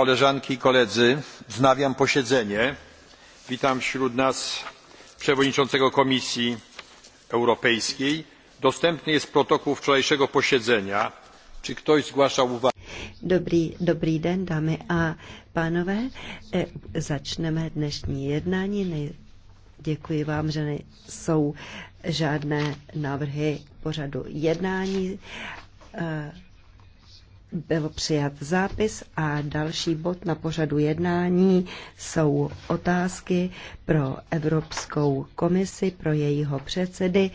koleżanki i koledzy wznawiam posiedzenie. witam wśród nas przewodniczącego komisji europejskiej. dostępny jest protokół wczorajszego posiedzenia. czy ktoś zgłasza uwagi? Dobrý, den, dámy a pánové. E, začneme dnešní jednání. děkuji vám, že nejsou žádné návrhy pořadu jednání. E, byl přijat zápis a další bod na pořadu jednání jsou otázky pro Evropskou komisi, pro jejího předsedy.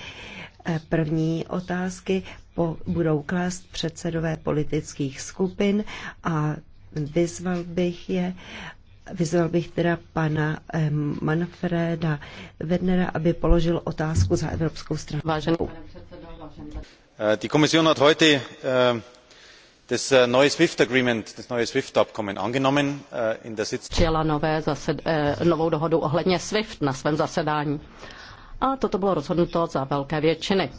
Eh, první otázky po, budou klást předsedové politických skupin a vyzval bych je, vyzval bych teda pana eh, Manfreda Wednera, aby položil otázku za Evropskou stranu. Vážený pane eh, předsedo, vážený. Die Kommission hat heute das äh, neue swift agreement das neue swift abkommen angenommen äh, in der sitzung přijala äh, novou dohodu ohledně swift na svém zasedání a toto bylo rozhodnuto za velké většiny.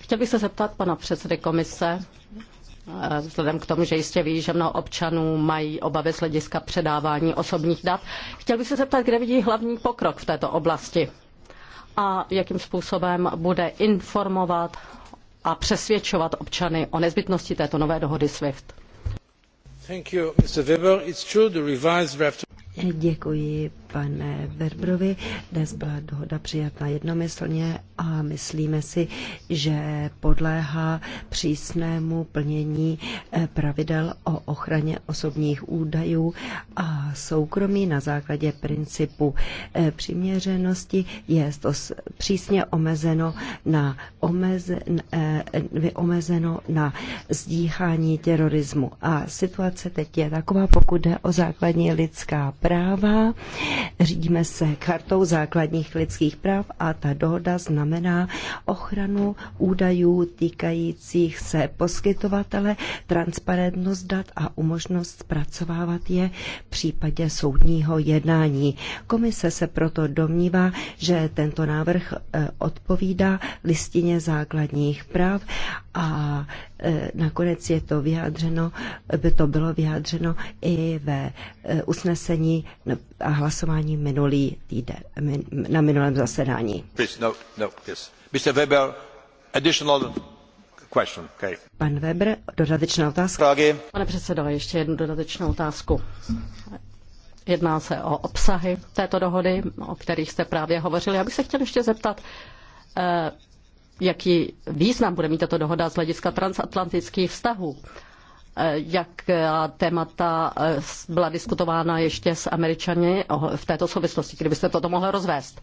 Chtěl bych se zeptat pana předsedy komise, eh, vzhledem k tomu, že jistě ví, že mnoho občanů mají obavy z hlediska předávání osobních dat. Chtěl bych se zeptat, kde vidí hlavní pokrok v této oblasti a jakým způsobem bude informovat a přesvědčovat občany o nezbytnosti této nové dohody SWIFT. Děkuji, pane Verbrovi. Dnes byla dohoda přijatá jednomyslně a myslíme si, že podléhá přísnému plnění eh, pravidel o ochraně osobních údajů a soukromí na základě principu eh, přiměřenosti je to přísně omezeno na, omezen, eh, omezeno na zdíchání terorismu. A situace teď je taková, pokud jde o základní lidská práva, Řídíme se chartou základních lidských práv a ta dohoda znamená ochranu údajů týkajících se poskytovatele, transparentnost dat a umožnost zpracovávat je v případě soudního jednání. Komise se proto domnívá, že tento návrh eh, odpovídá listině základních práv a e, nakonec je to vyjádřeno, by to bylo vyjádřeno i ve e, usnesení a hlasování minulý týden, na minulém zasedání. No, no, Weber, additional question. Okay. Pan Weber, dodatečná otázka. Pane předsedo, ještě jednu dodatečnou otázku. Jedná se o obsahy této dohody, o kterých jste právě hovořili. Já bych se chtěl ještě zeptat, e, jaký význam bude mít tato dohoda z hlediska transatlantických vztahů. E, jak e, témata e, byla diskutována ještě s Američany v této souvislosti, kdybyste toto mohl rozvést?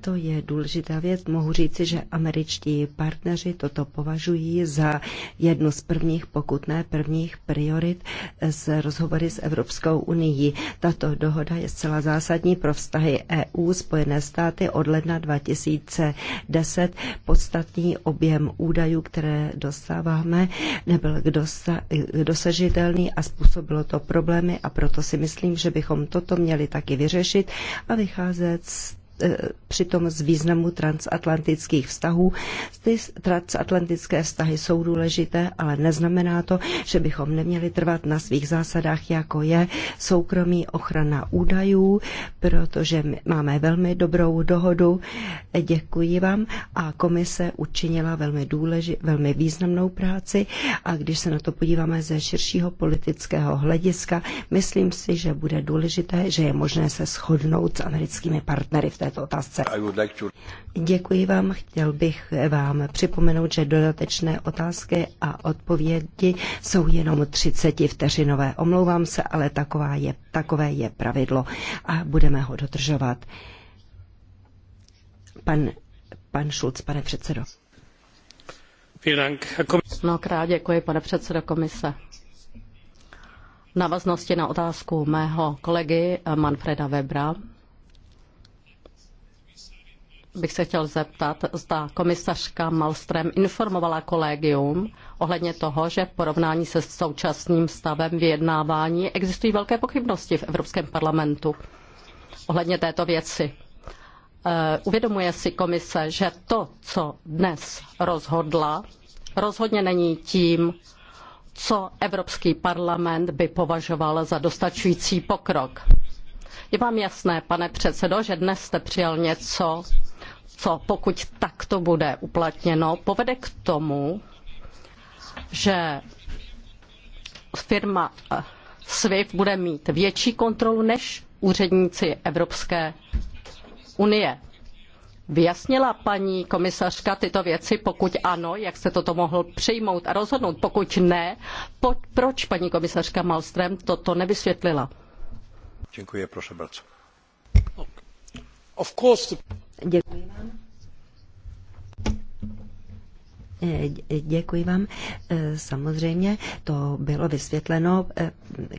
To je důležitá věc. Mohu říci, že američtí partneři toto považují za jednu z prvních, pokud ne prvních priorit z rozhovory s Evropskou unii. Tato dohoda je zcela zásadní pro vztahy EU, Spojené státy od ledna 2010. Podstatný objem údajů, které dostáváme, nebyl dosažitelný a způsobilo to problémy a proto si myslím, že bychom toto měli taky vyřešit a vycházet z Eh, přitom z významu transatlantických vztahů. Ty transatlantické vztahy jsou důležité, ale neznamená to, že bychom neměli trvat na svých zásadách, jako je soukromí ochrana údajů, protože máme velmi dobrou dohodu. Děkuji vám a komise učinila velmi, důleži, velmi významnou práci a když se na to podíváme ze širšího politického hlediska, myslím si, že bude důležité, že je možné se shodnout s americkými partnery v té této otázce. Děkuji vám. Chtěl bych vám připomenout, že dodatečné otázky a odpovědi jsou jenom 30 vteřinové. Omlouvám se, ale taková je, takové je pravidlo a budeme ho dodržovat. Pan, pan Šulc, pane předsedo. Mnohokrát děkuji, pane předsedo komise návaznosti na otázku mého kolegy eh, Manfreda Webra bych se chtěl zeptat, zda komisařka Malström informovala kolegium ohledně toho, že v porovnání se současným stavem vyjednávání existují velké pochybnosti v Evropském parlamentu ohledně této věci. Eh, uvědomuje si komise, že to, co dnes rozhodla, rozhodně není tím, co Evropský parlament by považoval za dostačující pokrok. Je vám jasné, pane předsedo, že dnes jste přijal něco, co pokud takto bude uplatněno, povede k tomu, že firma eh, SWIFT bude mít větší kontrolu než úředníci Evropské unie. Vyjasnila paní komisařka tyto věci? Pokud ano, jak se toto mohl přijmout a rozhodnout? Pokud ne, po, proč paní komisařka Malström toto nevysvětlila? Děkuji, prosím bardzo. Of course Děkuji vám. Eh, eh, děkuji vám. Eh, samozřejmě to bylo vysvětleno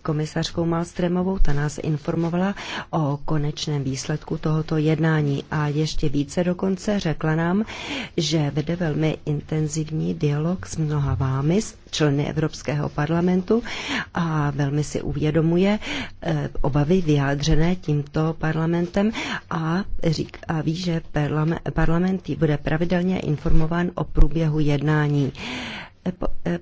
komisařkou Malstremovou, ta nás informovala o konečném výsledku tohoto jednání a ještě více dokonce řekla nám, že vede velmi intenzivní dialog s mnoha vámi, s členy Evropského parlamentu a velmi si uvědomuje eh, obavy vyjádřené tímto parlamentem a, řík, a ví, že parlament, parlament bude pravidelně informován o průběhu jednání eh, eh,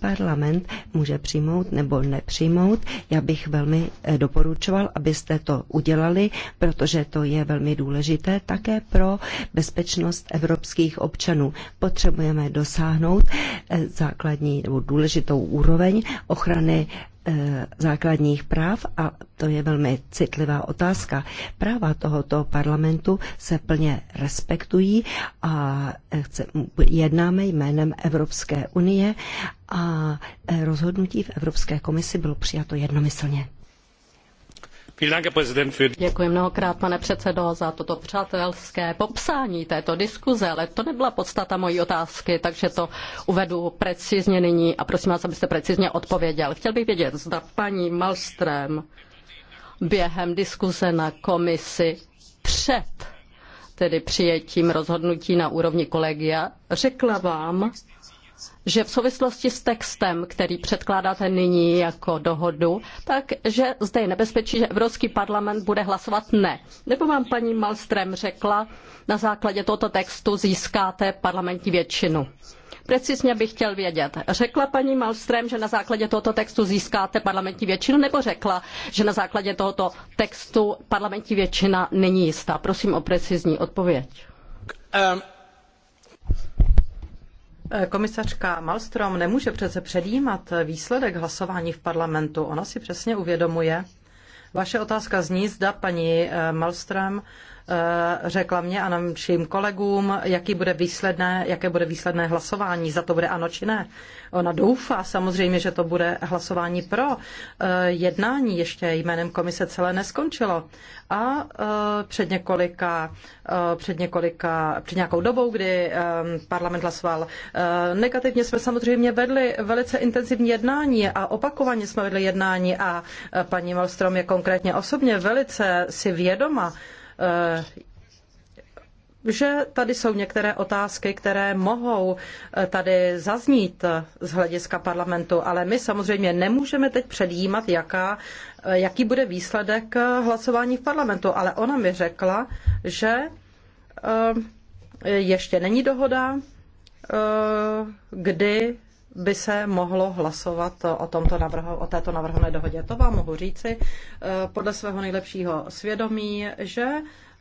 parlament může přijmout nebo nepřijmout. Já bych velmi eh, doporučoval, abyste to udělali, protože to je velmi důležité také pro bezpečnost evropských občanů. Potřebujeme dosáhnout eh, základní nebo důležitou úroveň ochrany Eh, základních práv a to je velmi citlivá otázka. Práva tohoto parlamentu se plně respektují a eh, jednáme jménem Evropské unie a eh, rozhodnutí v Evropské komisi bylo přijato jednomyslně. Děkuji mnohokrát, pane předsedo, za toto přátelské popsání této diskuze, ale to nebyla podstata mojí otázky, takže to uvedu precizně nyní a prosím vás, abyste precizně odpověděl. Chtěl bych vědět, zda paní Malström během diskuze na komisi před tedy přijetím rozhodnutí na úrovni kolegia řekla vám, že v souvislosti s textem, který předkládáte nyní jako dohodu, takže zde je nebezpečí, že Evropský parlament bude hlasovat ne. Nebo vám paní Malstrem řekla, na základě tohoto textu získáte parlamentní většinu. Precizně bych chtěl vědět. Řekla paní Malstrem, že na základě tohoto textu získáte parlamentní většinu, nebo řekla, že na základě tohoto textu parlamentní většina není jistá? Prosím o precizní odpověď. Um. Eh, komisařka Malmström nemůže přece předjímat výsledek hlasování v parlamentu. Ona si přesně uvědomuje. Vaše otázka zní, zda paní eh, Malmström Eh, řekla mě a našim kolegům, jaký bude výsledné, jaké bude výsledné hlasování, za to bude ano či ne. Ona doufá samozřejmě, že to bude hlasování pro. Eh, jednání ještě jménem komise celé neskončilo. A eh, před několika, před několika, před nějakou dobou, kdy parlament hlasoval negativně, jsme samozřejmě vedli velice intenzivní jednání a opakovaně jsme vedli jednání a paní Malstrom je konkrétně osobně velice si vědoma, Eh, že tady jsou některé otázky, které mohou eh, tady zaznít eh, z hlediska parlamentu, ale my samozřejmě nemůžeme teď předjímat, jaká, jaký bude výsledek hlasování v parlamentu. Ale ona mi řekla, že ještě není dohoda, kdy by se mohlo hlasovat o, tomto navrho, o této navrhované dohodě. To vám mohu říci eh, podle svého nejlepšího svědomí, že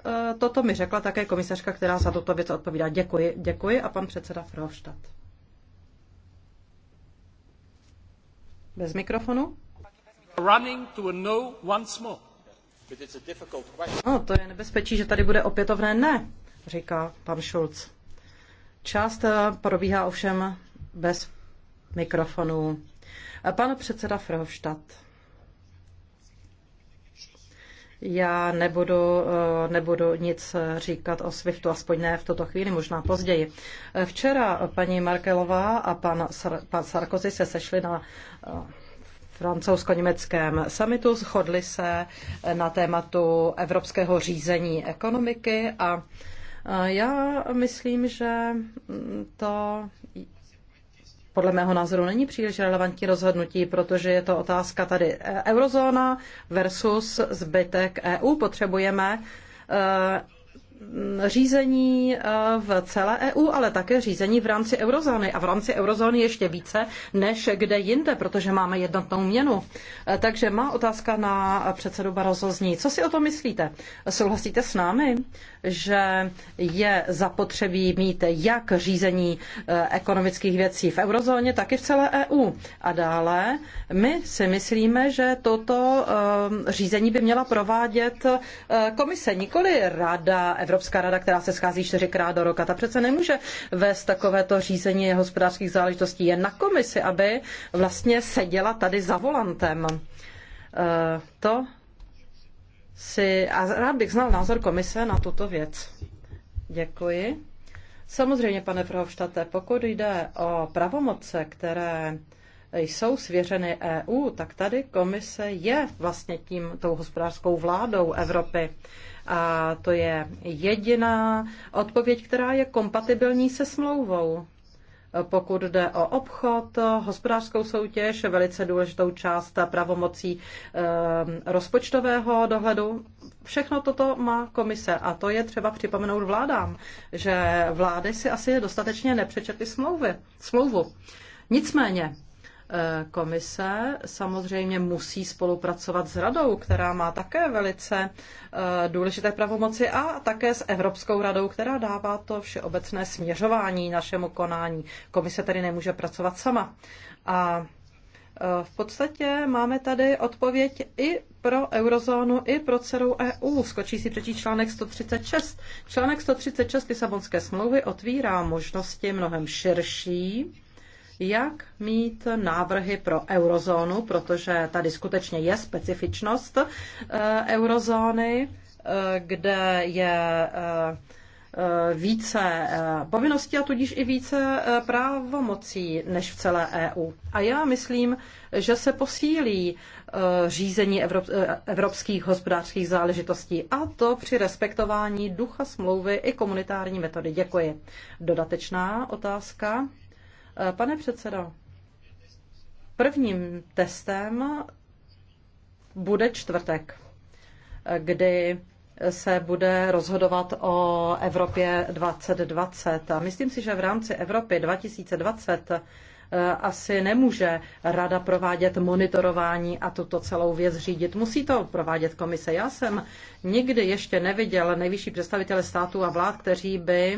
eh, toto mi řekla také komisařka, která za tuto věc odpovídá. Děkuji, děkuji a pan předseda Frohstadt. Bez mikrofonu. Running to a no once more. No, to je nebezpečí, že tady bude opětovné ne, říká pan Schulz. Část eh, probíhá ovšem bez mikrofonu. Pan předseda Frohstadt. Já nebudu, eh, nebudu nic říkat o SWIFTu, aspoň ne v tuto chvíli, možná později. Eh, včera paní Markelová a pan, pan Sarkozy se sešli na eh, francouzsko-německém summitu, shodli se na tématu evropského řízení ekonomiky a já myslím, že to podle mého názoru není příliš relevantní rozhodnutí, protože je to otázka tady eh, eurozóna versus zbytek EU. Potřebujeme eh, Mm, řízení eh, v celé EU, ale také řízení v rámci eurozóny. A v rámci eurozóny ještě více než kde jinde, protože máme jednotnou měnu. Eh, takže má otázka na předsedu Barozo zní. Co si o to myslíte? Souhlasíte s námi, že je zapotřebí mít jak řízení eh, ekonomických věcí v eurozóně, tak i v celé EU? A dále, my si myslíme, že toto řízení by měla provádět komise, nikoli Rada Evropské Evropská rada, která se schází čtyřikrát do roka. Ta přece nemůže vést takovéto řízení hospodářských záležitostí. Je na komisi, aby vlastně seděla tady za volantem. E, to si, a rád bych znal názor komise na tuto věc. Děkuji. Samozřejmě, pane Prohovštate, pokud jde o pravomoce, které jsou svěřeny EU, tak tady komise je vlastně tím tou hospodářskou vládou Evropy. A to je jediná odpověď, která je kompatibilní se smlouvou. Pokud jde o obchod, hospodářskou soutěž, velice důležitou část pravomocí ehm, rozpočtového dohledu, všechno toto má komise. A to je třeba připomenout vládám, že vlády si asi dostatečně nepřečetly smlouvy, smlouvu. Nicméně, Eh, komise samozřejmě musí spolupracovat s radou, která má také velice eh, důležité pravomoci a také s Evropskou radou, která dává to všeobecné směřování našemu konání. Komise tedy nemůže pracovat sama. A eh, v podstatě máme tady odpověď i pro eurozónu, i pro celou EU. Skočí si třetí článek 136. Článek 136 Lisabonské smlouvy otvírá možnosti mnohem širší jak mít návrhy pro eurozónu, protože tady skutečně je specifičnost eh, eurozóny, eh, kde je eh, více povinností a tudíž i více právomocí než v celé EU. A já myslím, že se posílí řízení evropských hospodářských záležitostí a to při respektování ducha smlouvy i komunitární metody. Děkuji. Dodatečná otázka. Eh, pane předsedo, prvním testem bude čtvrtek, eh, kdy se bude rozhodovat o Evropě 2020. A myslím si, že v rámci Evropy 2020 eh, asi nemůže rada provádět monitorování a tuto celou věc řídit. Musí to provádět komise. Já jsem nikdy ještě neviděl nejvyšší představitele států a vlád, kteří by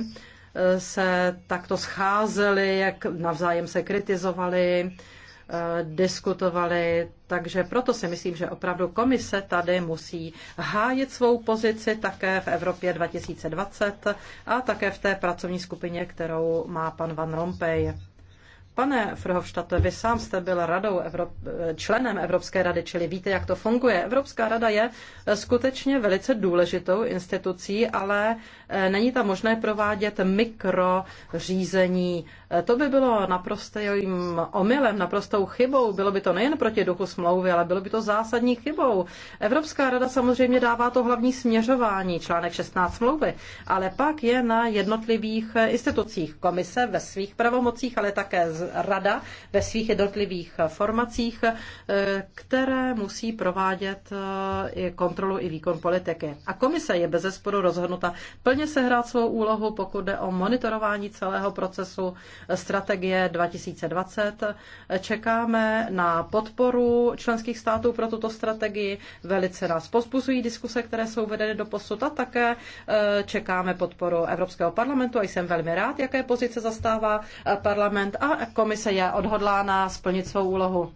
se takto scházeli, jak navzájem se kritizovali, eh, diskutovali. Takže proto si myslím, že opravdu komise tady musí hájit svou pozici také v Evropě 2020 a také v té pracovní skupině, kterou má pan Van Rompuy. Pane Frhovštate, vy sám jste byl radou Evrop, členem Evropské rady, čili víte, jak to funguje. Evropská rada je eh, skutečně velice důležitou institucí, ale eh, není tam možné provádět mikrořízení. Eh, to by bylo naprostým omylem, naprostou chybou. Bylo by to nejen proti duchu smlouvy, ale bylo by to zásadní chybou. Evropská rada samozřejmě dává to hlavní směřování, článek 16 smlouvy, ale pak je na jednotlivých institucích komise ve svých pravomocích, ale také z rada ve svých jednotlivých formacích, eh, které musí provádět eh, i kontrolu i výkon politiky. A komise je bez zesporu rozhodnuta plně sehrát svou úlohu, pokud jde o monitorování celého procesu strategie 2020. Čekáme na podporu členských států pro tuto strategii. Velice nás pozbuzují diskuse, které jsou vedeny do posud a také eh, čekáme podporu Evropského parlamentu a jsem velmi rád, jaké pozice zastává parlament a komise je odhodlána splnit svou úlohu.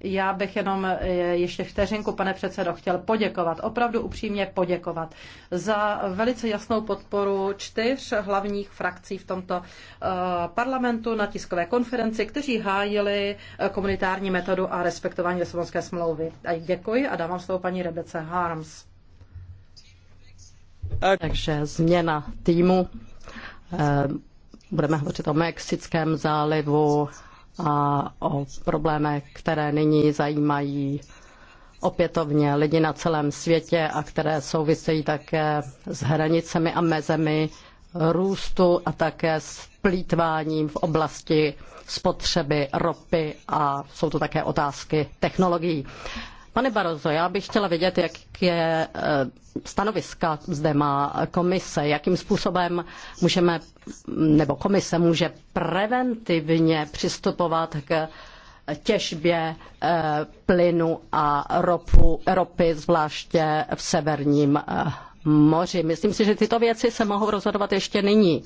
Já bych jenom eh, ještě vteřinku, pane předsedo, chtěl poděkovat, opravdu upřímně poděkovat za velice jasnou podporu čtyř hlavních frakcí v tomto eh, parlamentu na tiskové konferenci, kteří hájili eh, komunitární metodu a respektování Lisabonské smlouvy. A děkuji a dávám slovo paní Rebece Harms. Takže změna týmu Budeme hovořit o Mexickém zálivu a o problémech, které nyní zajímají opětovně lidi na celém světě a které souvisejí také s hranicemi a mezemi růstu a také s plítváním v oblasti spotřeby ropy a jsou to také otázky technologií. Pane Barozo, já bych chtěla vědět, jaké eh, stanoviska zde má komise, jakým způsobem můžeme, nebo komise může preventivně přistupovat k těžbě eh, plynu a ropu, ropy, zvláště v severním eh, moři. Myslím si, že tyto věci se mohou rozhodovat ještě nyní.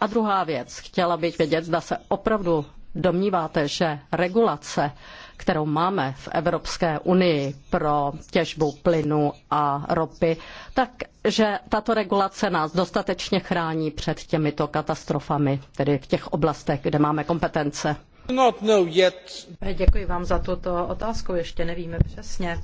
A druhá věc, chtěla bych vědět, zda se opravdu domníváte, že regulace, kterou máme v Evropské unii pro těžbu plynu a ropy, tak že tato regulace nás dostatečně chrání před těmito katastrofami, tedy v těch oblastech, kde máme kompetence? Děkuji vám za tuto otázku, ještě nevíme přesně.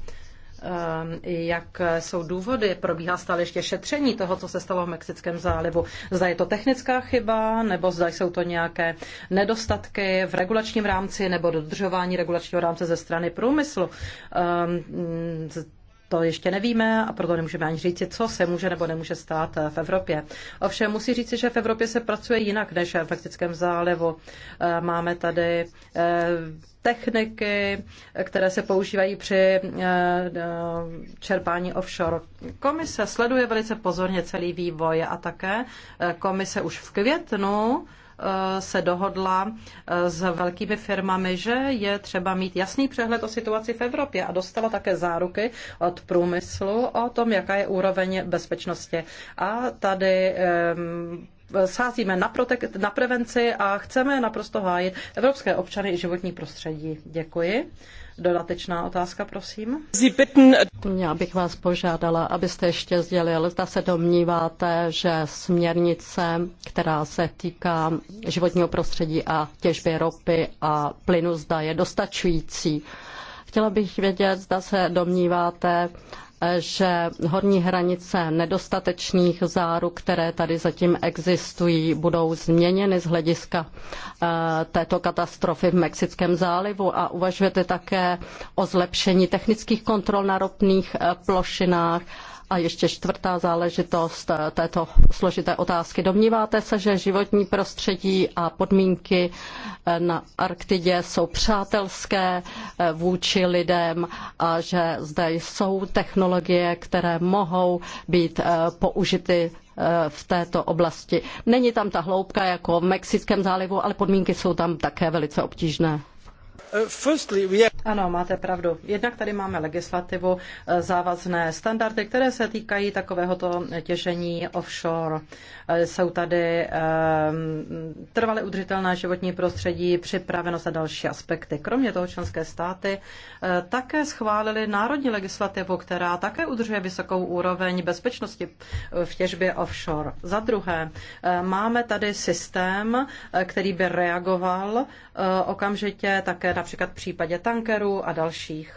Ehm, jak jsou důvody, probíhá stále ještě šetření toho, co se stalo v Mexickém zálivu. Zda je to technická chyba, nebo zda jsou to nějaké nedostatky v regulačním rámci nebo dodržování regulačního rámce ze strany průmyslu. Ehm, to ještě nevíme a proto nemůžeme ani říct, co se může nebo nemůže stát v Evropě. Ovšem musí říct, že v Evropě se pracuje jinak než v Mexickém zálivu. Ehm, máme tady eh, techniky, které se používají při eh, čerpání offshore. Komise sleduje velice pozorně celý vývoj a také eh, komise už v květnu eh, se dohodla s velkými firmami, že je třeba mít jasný přehled o situaci v Evropě a dostala také záruky od průmyslu o tom, jaká je úroveň bezpečnosti. A tady sázíme na, protek- na prevenci a chceme naprosto hájit evropské občany i životní prostředí. Děkuji. Dodatečná otázka, prosím. Já bych vás požádala, abyste ještě sdělil, zda se domníváte, že směrnice, která se týká životního prostředí a těžby ropy a plynu, zda je dostačující. Chtěla bych vědět, zda se domníváte, že horní hranice nedostatečných záruk, které tady zatím existují, budou změněny z hlediska eh, této katastrofy v Mexickém zálivu a uvažujete také o zlepšení technických kontrol na ropných eh, plošinách a ještě čtvrtá záležitost této složité otázky. Domníváte se, že životní prostředí a podmínky na Arktidě jsou přátelské eh, vůči lidem a že zde jsou technologie, které mohou být eh, použity eh, v této oblasti. Není tam ta hloubka jako v Mexickém zálivu, ale podmínky jsou tam také velice obtížné. Ano, máte pravdu. Jednak tady máme legislativu, eh, závazné standardy, které se týkají takovéhoto těžení offshore. Eh, jsou tady ehm, trvale udržitelné životní prostředí, připravenost a další aspekty. Kromě toho členské státy eh, také schválili národní legislativu, která také udržuje vysokou úroveň bezpečnosti v těžbě offshore. Za druhé, máme tady systém, který by reagoval okamžitě také na například v případě tankerů a dalších.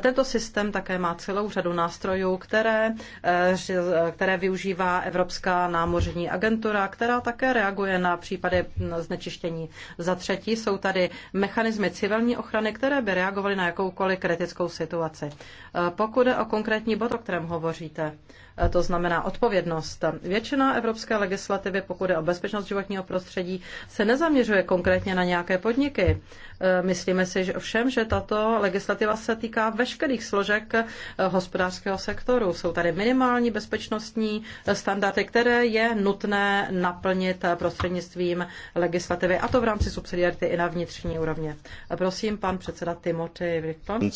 Tento systém také má celou řadu nástrojů, které, eh, které využívá Evropská námořní agentura, která také reaguje na případy znečištění. Za třetí jsou tady mechanismy civilní ochrany, které by reagovaly na jakoukoliv kritickou situaci. Eh, pokud je o konkrétní bod, o kterém hovoříte, eh, to znamená odpovědnost. Většina evropské legislativy, pokud je o bezpečnost životního prostředí, se nezaměřuje konkrétně na nějaké podniky. E, myslíme si že ovšem, že tato legislativa se týká veškerých složek e, hospodářského sektoru. Jsou tady minimální bezpečnostní standardy, které je nutné naplnit prostřednictvím legislativy, a to v rámci subsidiarity i na vnitřní úrovně. E, prosím, pan předseda Timothy Wilton.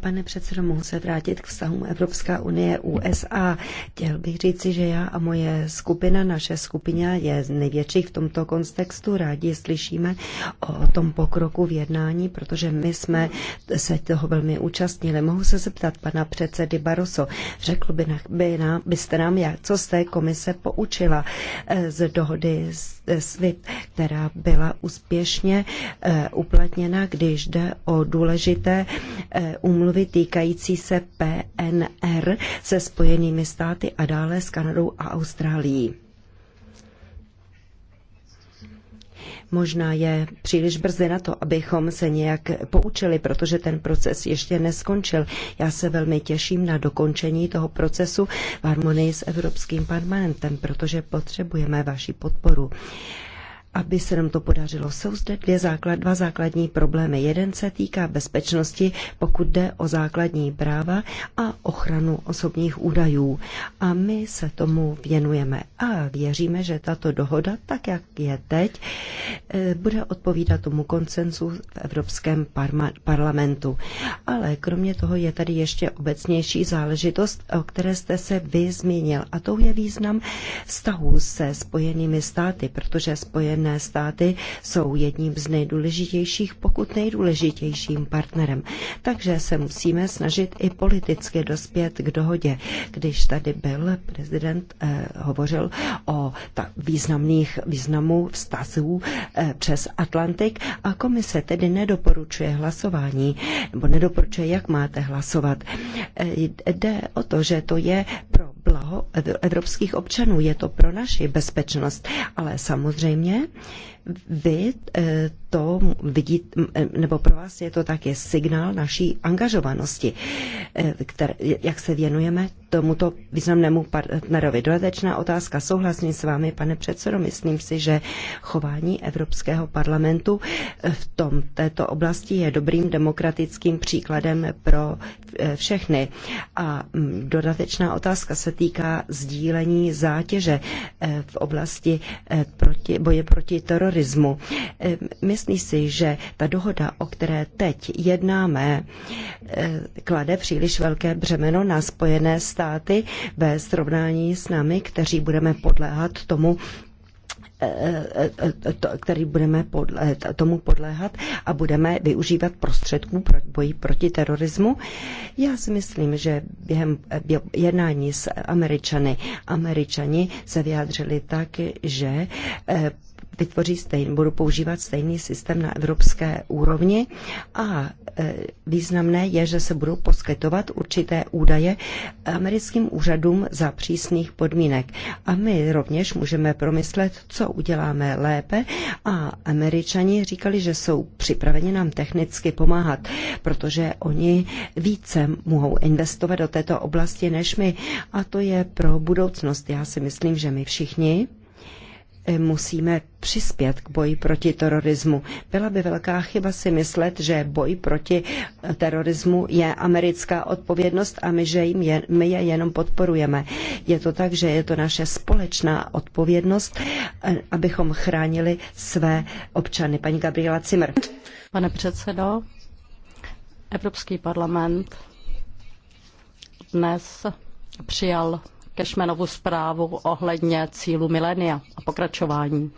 Pane předsedo, mohu se vrátit k vztahům Evropská unie USA. Chtěl bych říci, že já a moje skupina, naše skupina je z největších v tomto kontextu. Rádi slyšíme, o tom pokroku v jednání, protože my jsme se toho velmi účastnili. Mohu se zeptat pana předsedy Baroso, řekl by, na, by, na, byste nám, jak, co z té komise poučila eh, z dohody s eh, která byla úspěšně eh, uplatněna, když jde o důležité úmluvy týkající se PNR se Spojenými státy a dále s Kanadou a Austrálií. Možná je příliš brzy na to, abychom se nějak poučili, protože ten proces ještě neskončil. Já se velmi těším na dokončení toho procesu v harmonii s Evropským parlamentem, protože potřebujeme vaši podporu aby se nám to podařilo. Jsou zde dvě základ, dva základní problémy. Jeden se týká bezpečnosti, pokud jde o základní práva a ochranu osobních údajů. A my se tomu věnujeme a věříme, že tato dohoda, tak jak je teď, eh, bude odpovídat tomu koncensu v Evropském parlamentu. Ale kromě toho je tady ještě obecnější záležitost, o které jste se vy zmínil. A to je význam vztahů se Spojenými státy, protože Spojené Spojené státy jsou jedním z nejdůležitějších, pokud nejdůležitějším partnerem. Takže se musíme snažit i politicky dospět k dohodě. Když tady byl prezident, eh, hovořil o ta významných významů vztazů eh, přes Atlantik a komise tedy nedoporučuje hlasování, nebo nedoporučuje, jak máte hlasovat. Eh, jde o to, že to je pro blaho evropských občanů. Je to pro naši bezpečnost. Ale samozřejmě vy eh, to vidíte, eh, nebo pro vás je to také signál naší angažovanosti, eh, které, jak se věnujeme tomuto významnému partnerovi. Dodatečná otázka. Souhlasím s vámi, pane předsedo. Myslím si, že chování Evropského parlamentu v tom, této oblasti je dobrým demokratickým příkladem pro všechny. A mm, dodatečná otázka se týká sdílení zátěže v oblasti proti, boje proti terorismu terorismu. E, myslí si, že ta dohoda, o které teď jednáme, e, klade příliš velké břemeno na Spojené státy ve srovnání s námi, kteří budeme podléhat tomu, e, který budeme podle, tomu podléhat a budeme využívat prostředků pro boji proti terorismu. Já si myslím, že během jednání s Američany, Američani se vyjádřili tak, že vytvoří stejný, budou používat stejný systém na evropské úrovni a e, významné je, že se budou poskytovat určité údaje americkým úřadům za přísných podmínek. A my rovněž můžeme promyslet, co uděláme lépe a američani říkali, že jsou připraveni nám technicky pomáhat, protože oni více mohou investovat do této oblasti než my a to je pro budoucnost. Já si myslím, že my všichni Eh, musíme přispět k boji proti terorismu. Byla by velká chyba si myslet, že boj proti terorismu je americká odpovědnost a my, že jim je, my je jenom podporujeme. Je to tak, že je to naše společná odpovědnost, eh, abychom chránili své občany. Paní Gabriela Zimmer. Pane předsedo, Evropský parlament dnes přijal Kešmenovu zprávu ohledně cílu milénia a pokračování.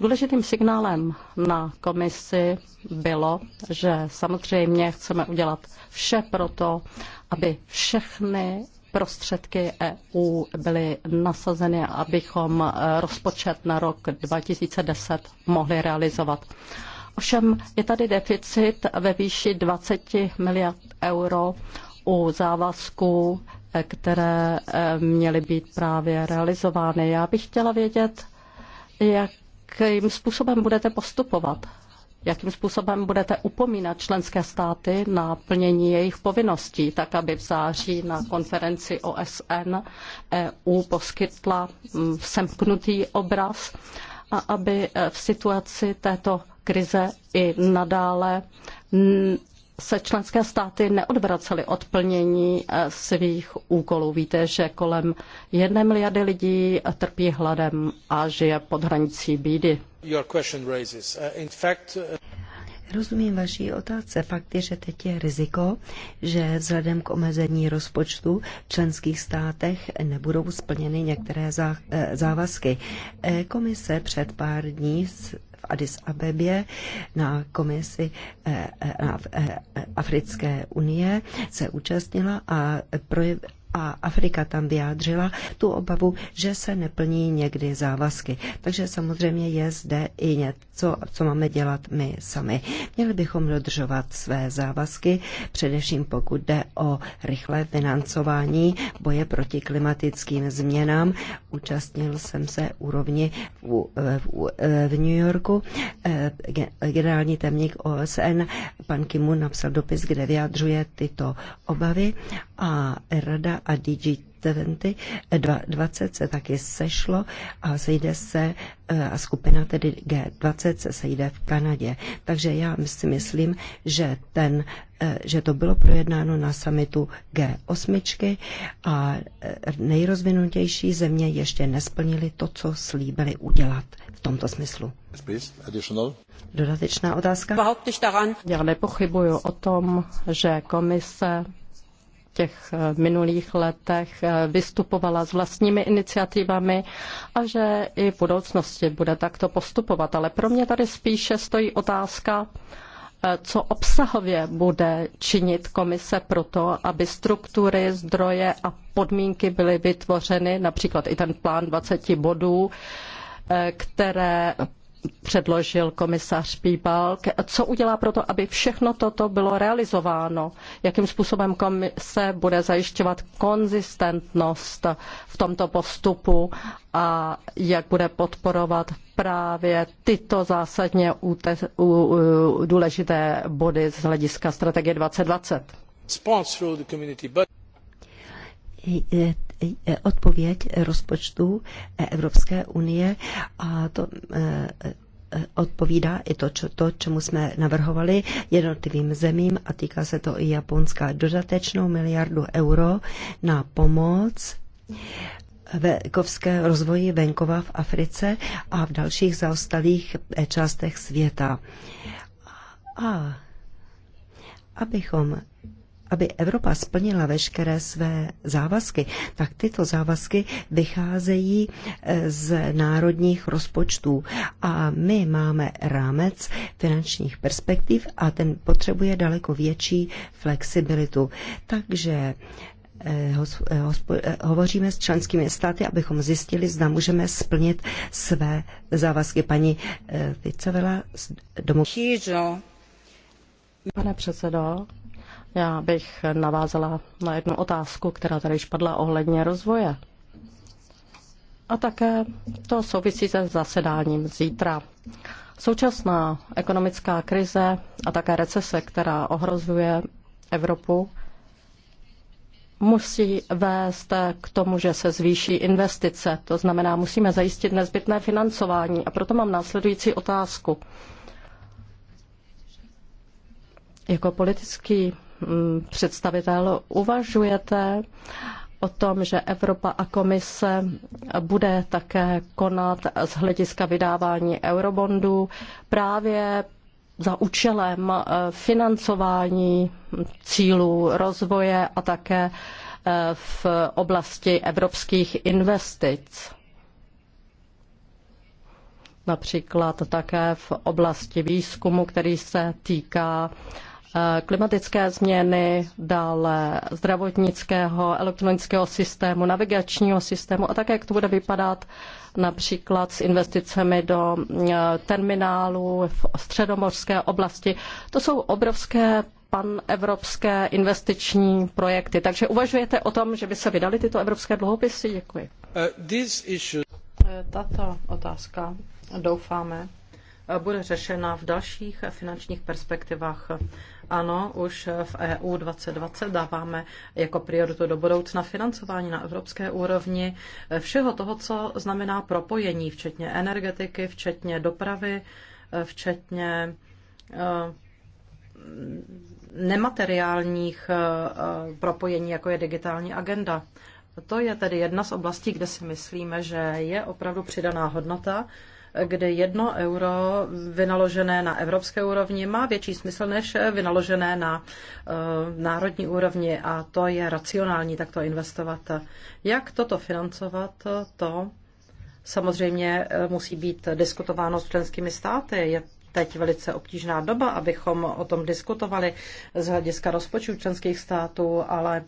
Důležitým signálem na komisi bylo, že samozřejmě chceme udělat vše pro to, aby všechny prostředky EU byly nasazeny, abychom eh, rozpočet na rok 2010 mohli realizovat. Ovšem je tady deficit ve výši 20 miliard euro u závazků které eh, měly být právě realizovány. Já bych chtěla vědět, jakým způsobem budete postupovat, jakým způsobem budete upomínat členské státy na plnění jejich povinností, tak aby v září na konferenci OSN EU poskytla mm, semknutý obraz a aby eh, v situaci této krize i nadále mm, se členské státy neodvracely od plnění eh, svých úkolů. Víte, že kolem jedné miliardy lidí trpí hladem a žije pod hranicí bídy. Eh, eh, Rozumím vaší otázce. Fakt je, že teď je riziko, že vzhledem k omezení rozpočtu v členských státech nebudou splněny některé závazky. Komise před pár dní Addis Abebě na komisi eh, eh, eh, Africké unie se účastnila a projev, a Afrika tam vyjádřila tu obavu, že se neplní někdy závazky. Takže samozřejmě je zde i něco, co máme dělat my sami. Měli bychom dodržovat své závazky, především pokud jde o rychlé financování boje proti klimatickým změnám. Účastnil jsem se úrovni v, v, v New Yorku. Eh, generální temník OSN pan Kimu napsal dopis, kde vyjadřuje tyto obavy a rada a DG 20 eh, se taky sešlo a sejde se eh, a skupina tedy G20 se sejde v Kanadě. Takže já si myslím, že, ten, eh, že to bylo projednáno na samitu G8 a nejrozvinutější země ještě nesplnili to, co slíbili udělat v tomto smyslu. Dodatečná otázka? Já nepochybuju o tom, že komise těch eh, minulých letech eh, vystupovala s vlastními iniciativami a že i v budoucnosti bude takto postupovat. Ale pro mě tady spíše stojí otázka, eh, co obsahově bude činit komise pro to, aby struktury, zdroje a podmínky byly vytvořeny, například i ten plán 20 bodů, které předložil komisař Píbalk. Co udělá proto, aby všechno toto bylo realizováno? Jakým způsobem komise bude zajišťovat konzistentnost v tomto postupu a jak bude podporovat právě tyto zásadně důležité body z hlediska strategie 2020? Eh, odpověď rozpočtu eh, Evropské unie a to eh, odpovídá i to, čo, to, čemu jsme navrhovali jednotlivým zemím a týká se to i Japonska. Dodatečnou miliardu euro na pomoc venkovské rozvoji venkova v Africe a v dalších zaostalých částech světa. A abychom aby Evropa splnila veškeré své závazky, tak tyto závazky vycházejí eh, z národních rozpočtů. A my máme rámec finančních perspektiv a ten potřebuje daleko větší flexibilitu. Takže eh, eh, hovoříme s členskými státy, abychom zjistili, zda můžeme splnit své závazky. Paní Vicevela z domů. Pane předsedo, já bych navázala na jednu otázku, která tady již padla ohledně rozvoje. A také to souvisí se zasedáním zítra. Současná ekonomická krize a také recese, která ohrozuje Evropu, musí vést k tomu, že se zvýší investice. To znamená, musíme zajistit nezbytné financování. A proto mám následující otázku. Jako politický Mm, představitel, uvažujete o tom, že Evropa a komise bude také konat z hlediska vydávání eurobondů právě za účelem eh, financování cílů rozvoje a také eh, v oblasti evropských investic. Například také v oblasti výzkumu, který se týká klimatické změny, dále zdravotnického, elektronického systému, navigačního systému a také, jak to bude vypadat například s investicemi do eh, terminálu v středomořské oblasti. To jsou obrovské panevropské investiční projekty. Takže uvažujete o tom, že by se vydaly tyto evropské dluhopisy? Děkuji. Uh, eh, tato otázka, doufáme, eh, bude řešena v dalších finančních perspektivách. Ano, už v EU 2020 dáváme jako prioritu do budoucna financování na evropské úrovni všeho toho, co znamená propojení, včetně energetiky, včetně dopravy, včetně eh, nemateriálních eh, eh, propojení, jako je digitální agenda. To je tedy jedna z oblastí, kde si myslíme, že je opravdu přidaná hodnota kde jedno euro vynaložené na evropské úrovni má větší smysl než vynaložené na eh, národní úrovni a to je racionální takto investovat. Jak toto financovat, to samozřejmě eh, musí být diskutováno s členskými státy. Je teď velice obtížná doba, abychom o tom diskutovali z hlediska rozpočtu členských států, ale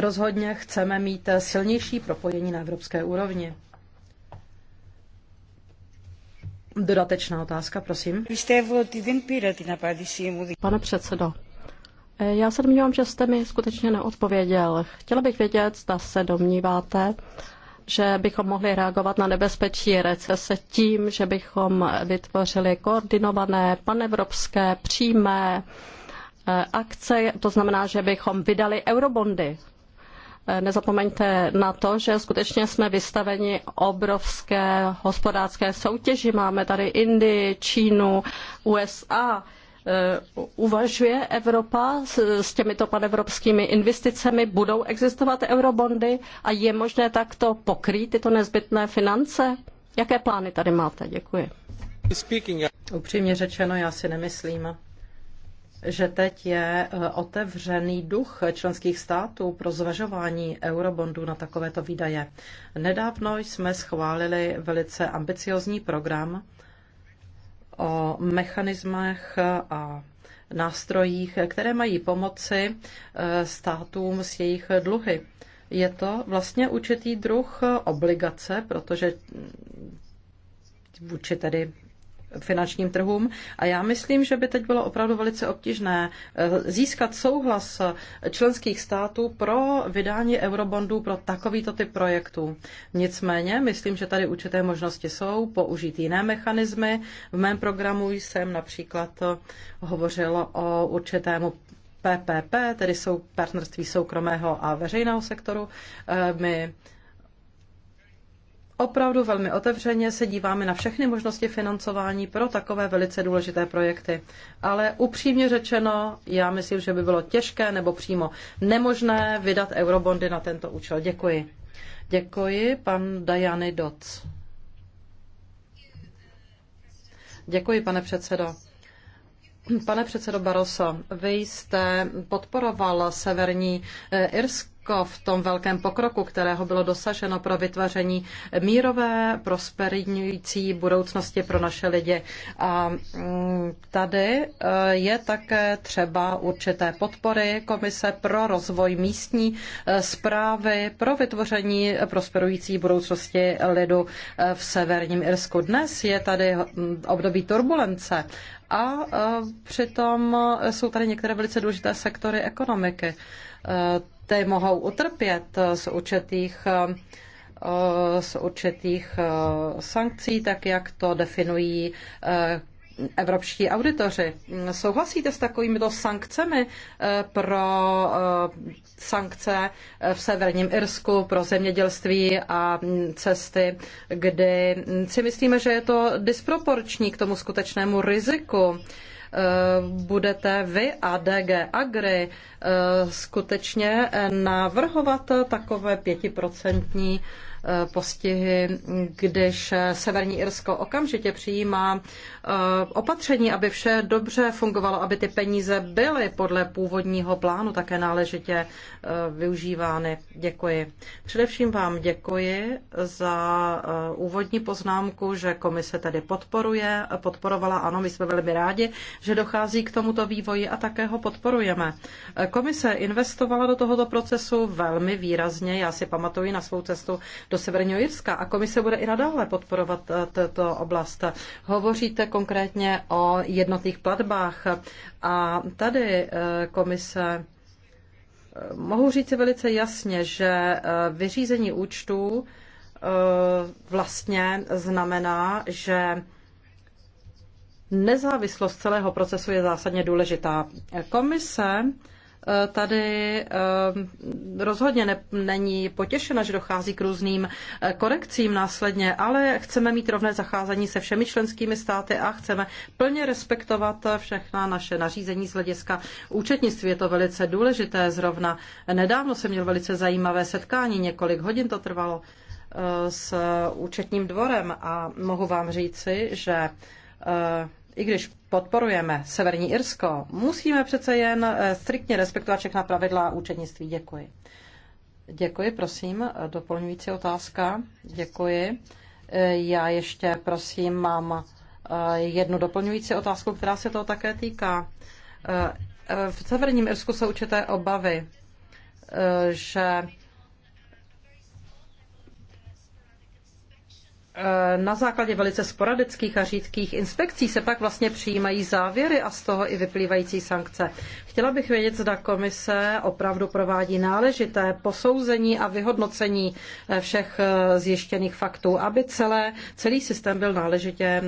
rozhodně chceme mít silnější propojení na evropské úrovni. Dodatečná otázka, prosím. Pane předsedo, eh, já se domnívám, že jste mi skutečně neodpověděl. Chtěla bych vědět, zda se domníváte, že bychom mohli reagovat na nebezpečí recese tím, že bychom vytvořili koordinované panevropské přímé eh, akce, to znamená, že bychom vydali eurobondy. Eh, nezapomeňte na to, že skutečně jsme vystaveni obrovské hospodářské soutěži. Máme tady Indii, Čínu, USA. Eh, uvažuje Evropa s těmito panevropskými investicemi, budou existovat eurobondy a je možné takto pokrýt tyto nezbytné finance? Jaké plány tady máte? Děkuji. Upřímně řečeno, já si nemyslím, že teď je eh, otevřený duch členských států pro zvažování eurobondů na takovéto výdaje. Nedávno jsme schválili velice ambiciozní program o mechanismech a nástrojích, které mají pomoci eh, státům s jejich dluhy. Je to vlastně určitý druh obligace, protože hm, vůči tedy finančním trhům. A já myslím, že by teď bylo opravdu velice obtížné eh, získat souhlas členských států pro vydání eurobondů pro takovýto typ projektů. Nicméně, myslím, že tady určité možnosti jsou použít jiné mechanismy. V mém programu jsem například hovořil o určitému PPP, tedy jsou partnerství soukromého a veřejného sektoru. Eh, my opravdu velmi otevřeně se díváme na všechny možnosti financování pro takové velice důležité projekty. Ale upřímně řečeno, já myslím, že by bylo těžké nebo přímo nemožné vydat eurobondy na tento účel. Děkuji. Děkuji, pan Dajany Doc. Děkuji, pane předsedo. Pane předsedo Barroso, vy jste podporoval Severní eh, Irsko Rusko v tom velkém pokroku, kterého bylo dosaženo pro vytvoření mírové, prosperující budoucnosti pro naše lidi. A mm, tady eh, je také třeba určité podpory Komise pro rozvoj místní zprávy eh, pro vytvoření prosperující budoucnosti lidu eh, v severním Irsku. Dnes je tady hm, období turbulence a přitom jsou tady některé velice důležité sektory ekonomiky ty mohou utrpět z určitých, eh, z určitých eh, sankcí, tak jak to definují eh, evropští auditoři. Souhlasíte s takovýmito sankcemi pro sankce v severním Irsku, pro zemědělství a cesty, kdy si myslíme, že je to disproporční k tomu skutečnému riziku, Eh, budete vy a DG Agri eh, skutečně eh, navrhovat takové pětiprocentní Eh, postihy, když Severní Irsko okamžitě přijímá eh, opatření, aby vše dobře fungovalo, aby ty peníze byly podle původního plánu také náležitě eh, využívány. Děkuji. Především vám děkuji za úvodní poznámku, že komise tedy podporuje, podporovala, ano, my jsme velmi rádi, že dochází k tomuto vývoji a také ho podporujeme. Komise investovala do tohoto procesu velmi výrazně. Já si pamatuju na svou cestu do Severního Jirska a komise bude i nadále podporovat eh, tuto oblast. Hovoříte konkrétně o jednotných platbách a tady eh, komise eh, Mohu říct velice jasně, že vyřízení účtů vlastně znamená, že nezávislost celého procesu je zásadně důležitá. Komise Eh, tady eh, rozhodně ne, není potěšena, že dochází k různým eh, korekcím následně, ale chceme mít rovné zacházení se všemi členskými státy a chceme plně respektovat všechna naše nařízení z hlediska účetnictví. Je to velice důležité. Zrovna nedávno jsem měl velice zajímavé setkání, několik hodin to trvalo s účetním dvorem a mohu vám říci, že i když podporujeme Severní Irsko, musíme přece jen eh, striktně respektovat všechna pravidla účetnictví. Děkuji. Děkuji, prosím. Eh, doplňující otázka. Děkuji. Eh, já ještě, prosím, mám jednu doplňující otázku, která se toho také týká. V Severním Irsku jsou určité obavy, že Eh, na základě velice sporadických a řídkých inspekcí se pak vlastně přijímají závěry a z toho i vyplývající sankce. Chtěla bych vědět, zda komise opravdu provádí náležité posouzení a vyhodnocení eh, všech eh, zjištěných faktů, aby celé, celý systém byl náležitě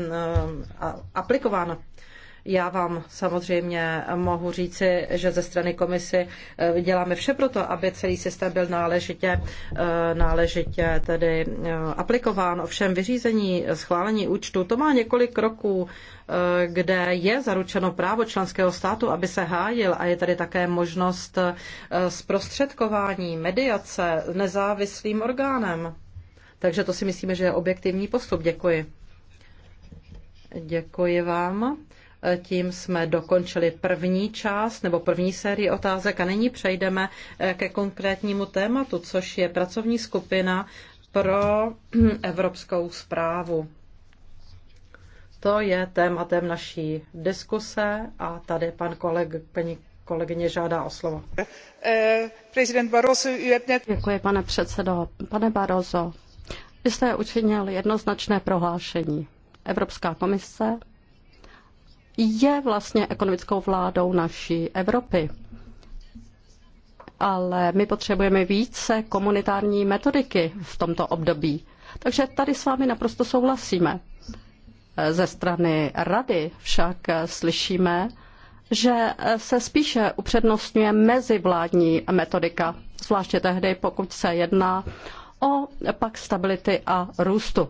aplikován. Já vám samozřejmě mohu říci, že ze strany komisy eh, děláme vše pro to, aby celý systém byl náležitě, eh, náležitě tedy eh, aplikován. Ovšem vyřízení, schválení účtu, to má několik kroků, kde je zaručeno právo členského státu, aby se hájil a je tady také možnost zprostředkování, mediace nezávislým orgánem. Takže to si myslíme, že je objektivní postup. Děkuji. Děkuji vám. Tím jsme dokončili první část nebo první sérii otázek a nyní přejdeme eh, ke konkrétnímu tématu, což je pracovní skupina pro evropskou zprávu. To je tématem naší diskuse a tady pan koleg, paní kolegyně žádá o slovo. Eh, Děkuji, pane předsedo. Pane Barroso, vy jste učinil jednoznačné prohlášení. Evropská komise je vlastně ekonomickou vládou naší Evropy. Ale my potřebujeme více komunitární metodiky v tomto období. Takže tady s vámi naprosto souhlasíme. Ze strany rady však slyšíme, že se spíše upřednostňuje mezivládní metodika, zvláště tehdy, pokud se jedná o pak stability a růstu.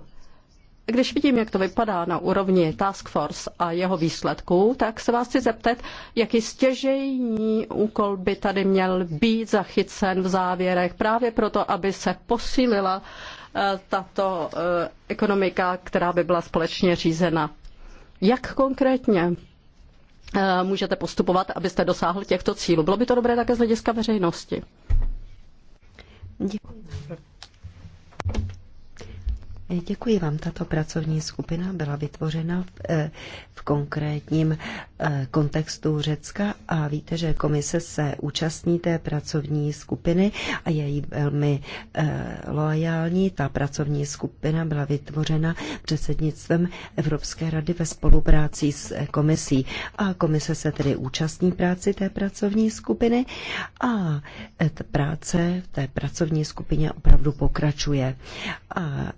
Když vidím, jak to vypadá na úrovni Task Force a jeho výsledků, tak se vás chci zeptat, jaký stěžejní úkol by tady měl být zachycen v závěrech právě proto, aby se posílila eh, tato eh, ekonomika, která by byla společně řízena. Jak konkrétně eh, můžete postupovat, abyste dosáhl těchto cílů? Bylo by to dobré také z hlediska veřejnosti. Děkuji. Eh, děkuji vám. Tato pracovní skupina byla vytvořena v, eh, v konkrétním eh, kontextu Řecka a víte, že komise se účastní té pracovní skupiny a je jí velmi loajální. Ta pracovní skupina byla vytvořena předsednictvem Evropské rady ve spolupráci s komisí a komise se tedy účastní práci té pracovní skupiny a práce v té pracovní skupině opravdu pokračuje. A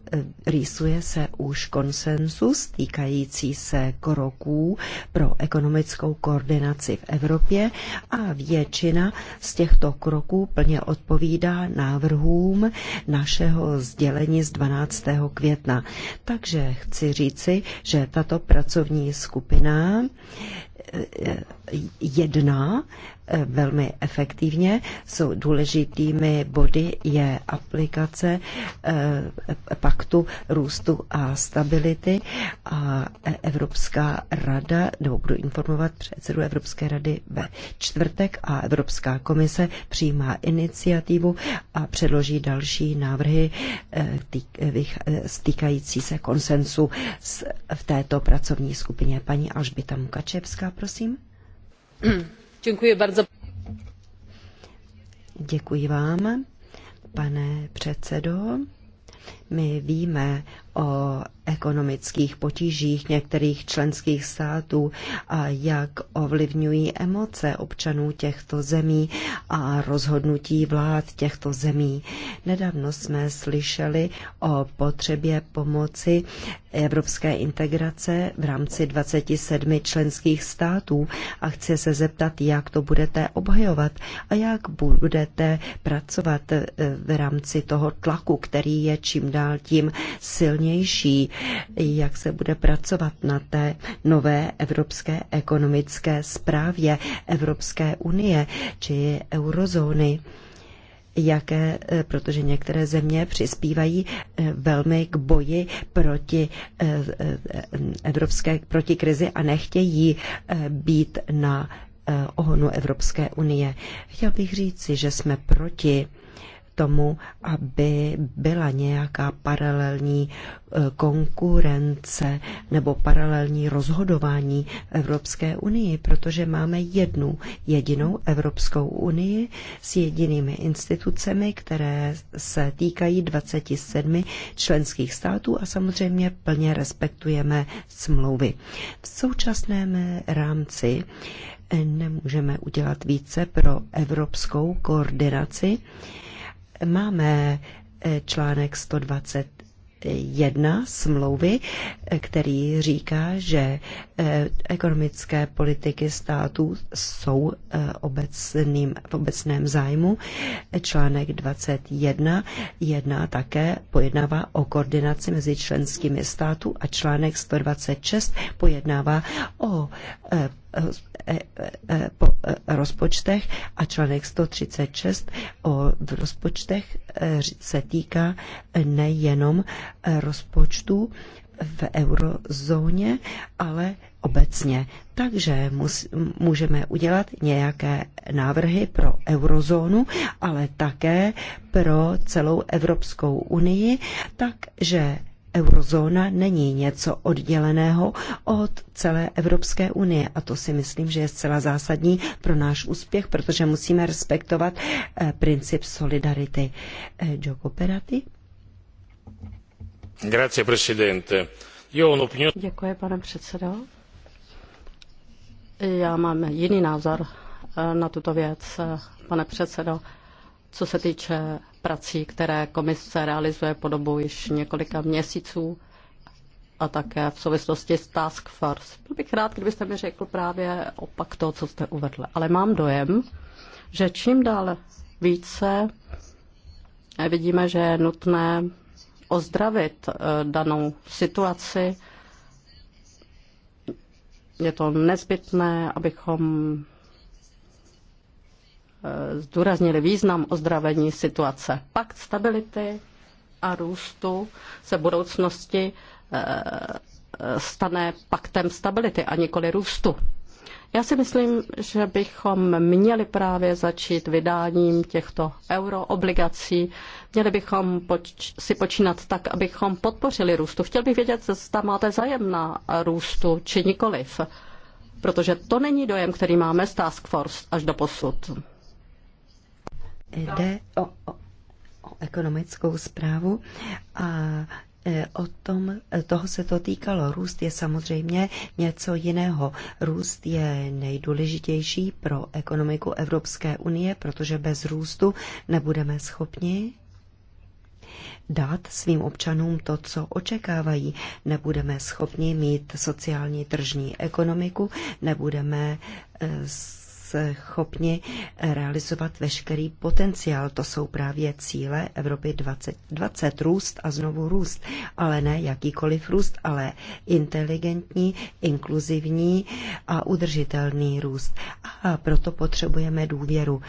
rýsuje se už konsensus týkající se kroků pro ekonomickou koordinaci v Evropě a většina z těchto kroků plně odpovídá návrhům našeho sdělení z 12. května. Takže chci říci, že tato pracovní skupina eh, eh, jedná velmi efektivně. Jsou důležitými body je aplikace eh, paktu růstu a stability a Evropská rada, nebo budu informovat předsedu Evropské rady ve čtvrtek a Evropská komise přijímá iniciativu a předloží další návrhy eh, eh, stýkající se konsensu v této pracovní skupině. Paní Alžbita Mukačevská, prosím. Děkuji bardzo. Děkuji vám, pane předsedo. My víme o ekonomických potížích některých členských států a jak ovlivňují emoce občanů těchto zemí a rozhodnutí vlád těchto zemí. Nedávno jsme slyšeli o potřebě pomoci evropské integrace v rámci 27 členských států a chci se zeptat, jak to budete obhajovat a jak budete pracovat eh, v rámci toho tlaku, který je čím dál tím silnější, jak se bude pracovat na té nové evropské ekonomické správě Evropské unie či eurozóny jaké, eh, protože některé země přispívají eh, velmi k boji proti eh, evropské proti krizi a nechtějí být na ohonu Evropské unie. Chtěl bych říci, že jsme proti tomu, aby byla nějaká paralelní e, konkurence nebo paralelní rozhodování Evropské unii, protože máme jednu jedinou Evropskou unii s jedinými institucemi, které se týkají 27 členských států a samozřejmě plně respektujeme smlouvy. V současném rámci e, nemůžeme udělat více pro evropskou koordinaci Máme eh, článek 120 jedna smlouvy, eh, který říká, že eh, ekonomické politiky států jsou obecným, v obecném zájmu. Článek 21 jedná také, pojednává o koordinaci mezi členskými států a článek 126 pojednává o Eh, rozpočtech a článek 136 o rozpočtech eh, se týká nejenom eh, rozpočtu v eurozóně, ale obecně. Takže můžeme udělat nějaké návrhy pro eurozónu, ale také pro celou Evropskou unii, takže Eurozóna není něco odděleného od celé Evropské unie a to si myslím, že je zcela zásadní pro náš úspěch, protože musíme respektovat eh, princip solidarity. Joe eh, Cooperati? Grazie, presidente. Děkuji, pane předsedo. Já mám jiný názor eh, na tuto věc, pane předsedo, co se týče prací, které komise realizuje po dobu již několika měsíců a také v souvislosti s Task Force. Byl bych rád, kdybyste mi řekl právě opak toho, co jste uvedl. Ale mám dojem, že čím dál více eh, vidíme, že je nutné ozdravit eh, danou situaci. Je to nezbytné, abychom Eh, zdůraznili význam ozdravení situace. Pakt stability a růstu se budoucnosti eh, stane paktem stability a nikoli růstu. Já si myslím, že bychom měli právě začít vydáním těchto euroobligací. Měli bychom poč- si počínat tak, abychom podpořili růstu. Chtěl bych vědět, zda máte zájem na růstu či nikoliv. Protože to není dojem, který máme z Task Force až do posud. Jde o, o, o ekonomickou zprávu a e, O tom, e, toho se to týkalo. Růst je samozřejmě něco jiného. Růst je nejdůležitější pro ekonomiku Evropské unie, protože bez růstu nebudeme schopni dát svým občanům to, co očekávají. Nebudeme schopni mít sociální tržní ekonomiku, nebudeme e, schopni realizovat veškerý potenciál. To jsou právě cíle Evropy 2020, růst a znovu růst, ale ne jakýkoliv růst, ale inteligentní, inkluzivní a udržitelný růst. A proto potřebujeme důvěru.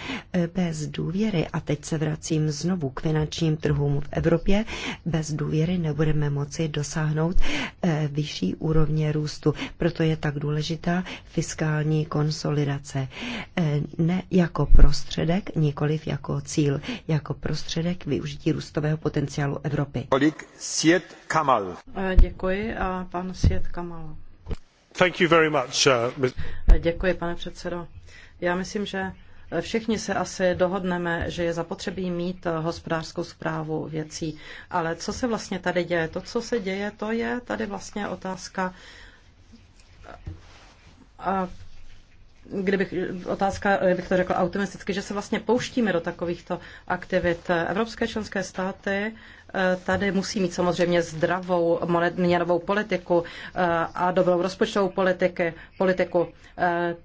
Bez důvěry, a teď se vracím znovu k finančním trhům v Evropě, bez důvěry nebudeme moci dosáhnout eh, vyšší úrovně růstu. Proto je tak důležitá fiskální konsolidace. Eh, ne jako prostředek, nikoliv jako cíl, jako prostředek využití růstového potenciálu Evropy. Kolik Siet Kamal. Eh, děkuji a pan Siet Kamal. Thank you very much, uh, eh, Děkuji, pane předsedo. Já myslím, že Všichni se asi dohodneme, že je zapotřebí mít hospodářskou zprávu věcí. Ale co se vlastně tady děje? To, co se děje, to je tady vlastně otázka kdybych, otázka, bych to řekla automaticky, že se vlastně pouštíme do takovýchto aktivit. Evropské členské státy eh, tady musí mít samozřejmě zdravou měnovou politiku eh, a dobrou rozpočtovou politiky, politiku. Eh,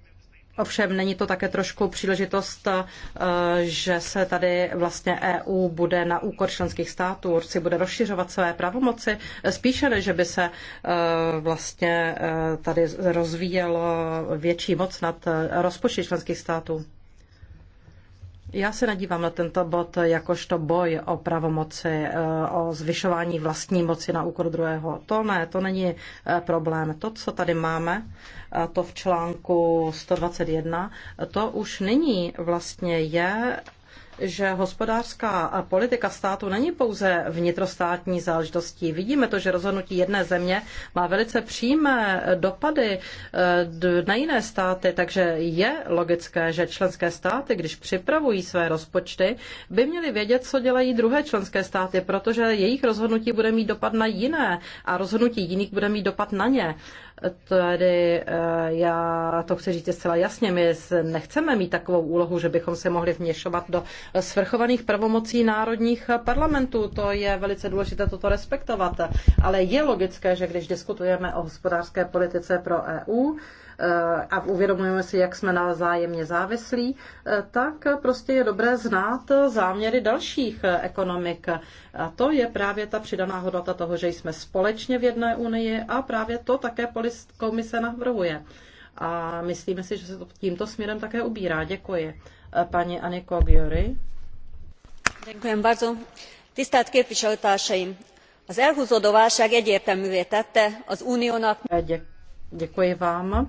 Ovšem není to také trošku příležitost, eh, že se tady vlastně EU bude na úkor členských států, si bude rozšiřovat své pravomoci, spíše než by se eh, vlastně eh, tady rozvíjelo větší moc nad rozpočty členských států. Já se nadívám na tento bod jakožto boj o pravomoci, o zvyšování vlastní moci na úkor druhého. To ne, to není problém. To, co tady máme, to v článku 121, to už nyní vlastně je že hospodářská politika státu není pouze vnitrostátní záležitostí. Vidíme to, že rozhodnutí jedné země má velice přímé dopady eh, na jiné státy, takže je logické, že členské státy, když připravují své rozpočty, by měly vědět, co dělají druhé členské státy, protože jejich rozhodnutí bude mít dopad na jiné a rozhodnutí jiných bude mít dopad na ně. Tady eh, já to chci říct zcela jasně, my nechceme mít takovou úlohu, že bychom se mohli vměšovat do svrchovaných pravomocí národních parlamentů. To je velice důležité toto respektovat. Ale je logické, že když diskutujeme o hospodářské politice pro EU, a uvědomujeme si, jak jsme na zájemně závislí, eh, tak prostě je dobré znát záměry dalších eh, ekonomik. A to je právě ta přidaná hodnota toho, že jsme společně v jedné unii a právě to také komise navrhuje. A myslíme si, že se to tímto směrem také ubírá. Děkuji. Eh, paní Aniko Giori. Děkuji bardzo. Tisztelt képviselőtársaim! Az elhúzódó válság egyértelművé tette az uniónak... Děkuji vám.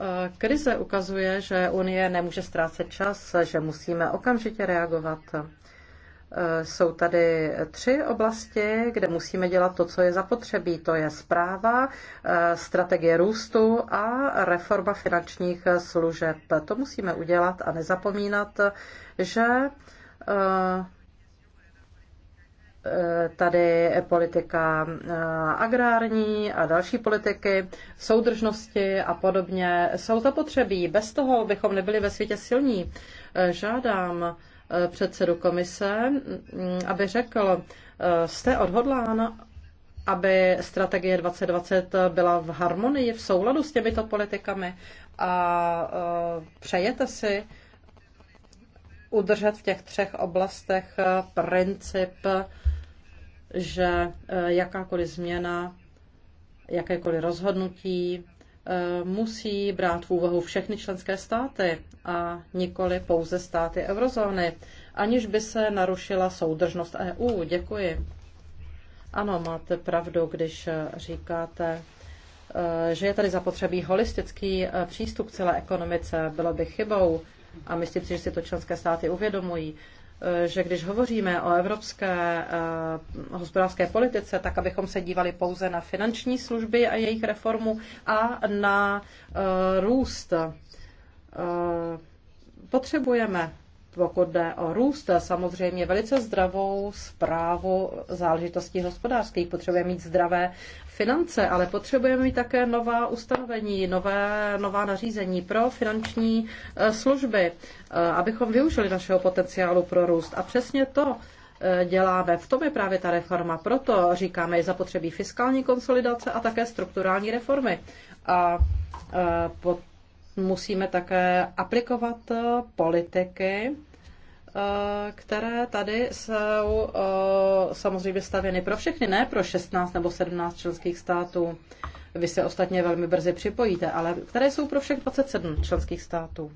Eh, krize ukazuje, že Unie nemůže ztrácet čas, že musíme okamžitě reagovat. Eh, jsou tady tři oblasti, kde musíme dělat to, co je zapotřebí. To je zpráva, eh, strategie růstu a reforma finančních služeb. To musíme udělat a nezapomínat, že tady politika eh, agrární a další politiky, soudržnosti a podobně jsou zapotřebí. Bez toho bychom nebyli ve světě silní. Eh, žádám eh, předsedu komise, mm, aby řekl, jste odhodlán, aby strategie 2020 byla v harmonii, v souladu s těmito politikami a přejete si udržet v těch třech oblastech princip že eh, jakákoliv změna, jakékoliv rozhodnutí eh, musí brát v úvahu všechny členské státy a nikoli pouze státy eurozóny, aniž by se narušila soudržnost EU. Děkuji. Ano, máte pravdu, když eh, říkáte, že je tady zapotřebí holistický přístup k celé ekonomice. Bylo by chybou a myslím si, že si to členské státy uvědomují, Eh, že když hovoříme o evropské eh, hospodářské politice, tak abychom se dívali pouze na finanční služby a jejich reformu a na eh, růst. Potřebujeme pokud jde o růst, samozřejmě velice zdravou zprávu záležitostí hospodářských. Potřebujeme mít zdravé finance, ale potřebujeme mít také nová ustanovení, nové, nová nařízení pro finanční eh, služby, eh, abychom využili našeho potenciálu pro růst. A přesně to eh, děláme. V tom je právě ta reforma. Proto říkáme, je zapotřebí fiskální konsolidace a také strukturální reformy. A pod musíme také aplikovat eh, politiky, eh, které tady jsou eh, samozřejmě stavěny pro všechny, ne pro 16 nebo 17 členských států. Vy se ostatně velmi brzy připojíte, ale které jsou pro všech 27 členských států?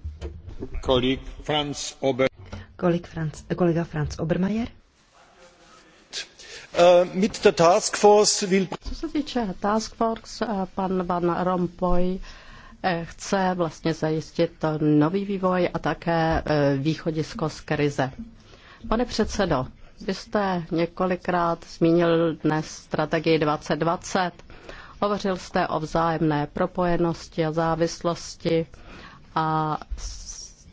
Kolik Franz Ober... Kolik Franz, kolega Franz Obermeier? Co se týče Task Force, pan, pan Rompoy Eh, chce vlastně zajistit to nový vývoj a také eh, východisko z krize. Pane předsedo, vy jste několikrát zmínil dnes strategii 2020. Hovořil jste o vzájemné propojenosti a závislosti a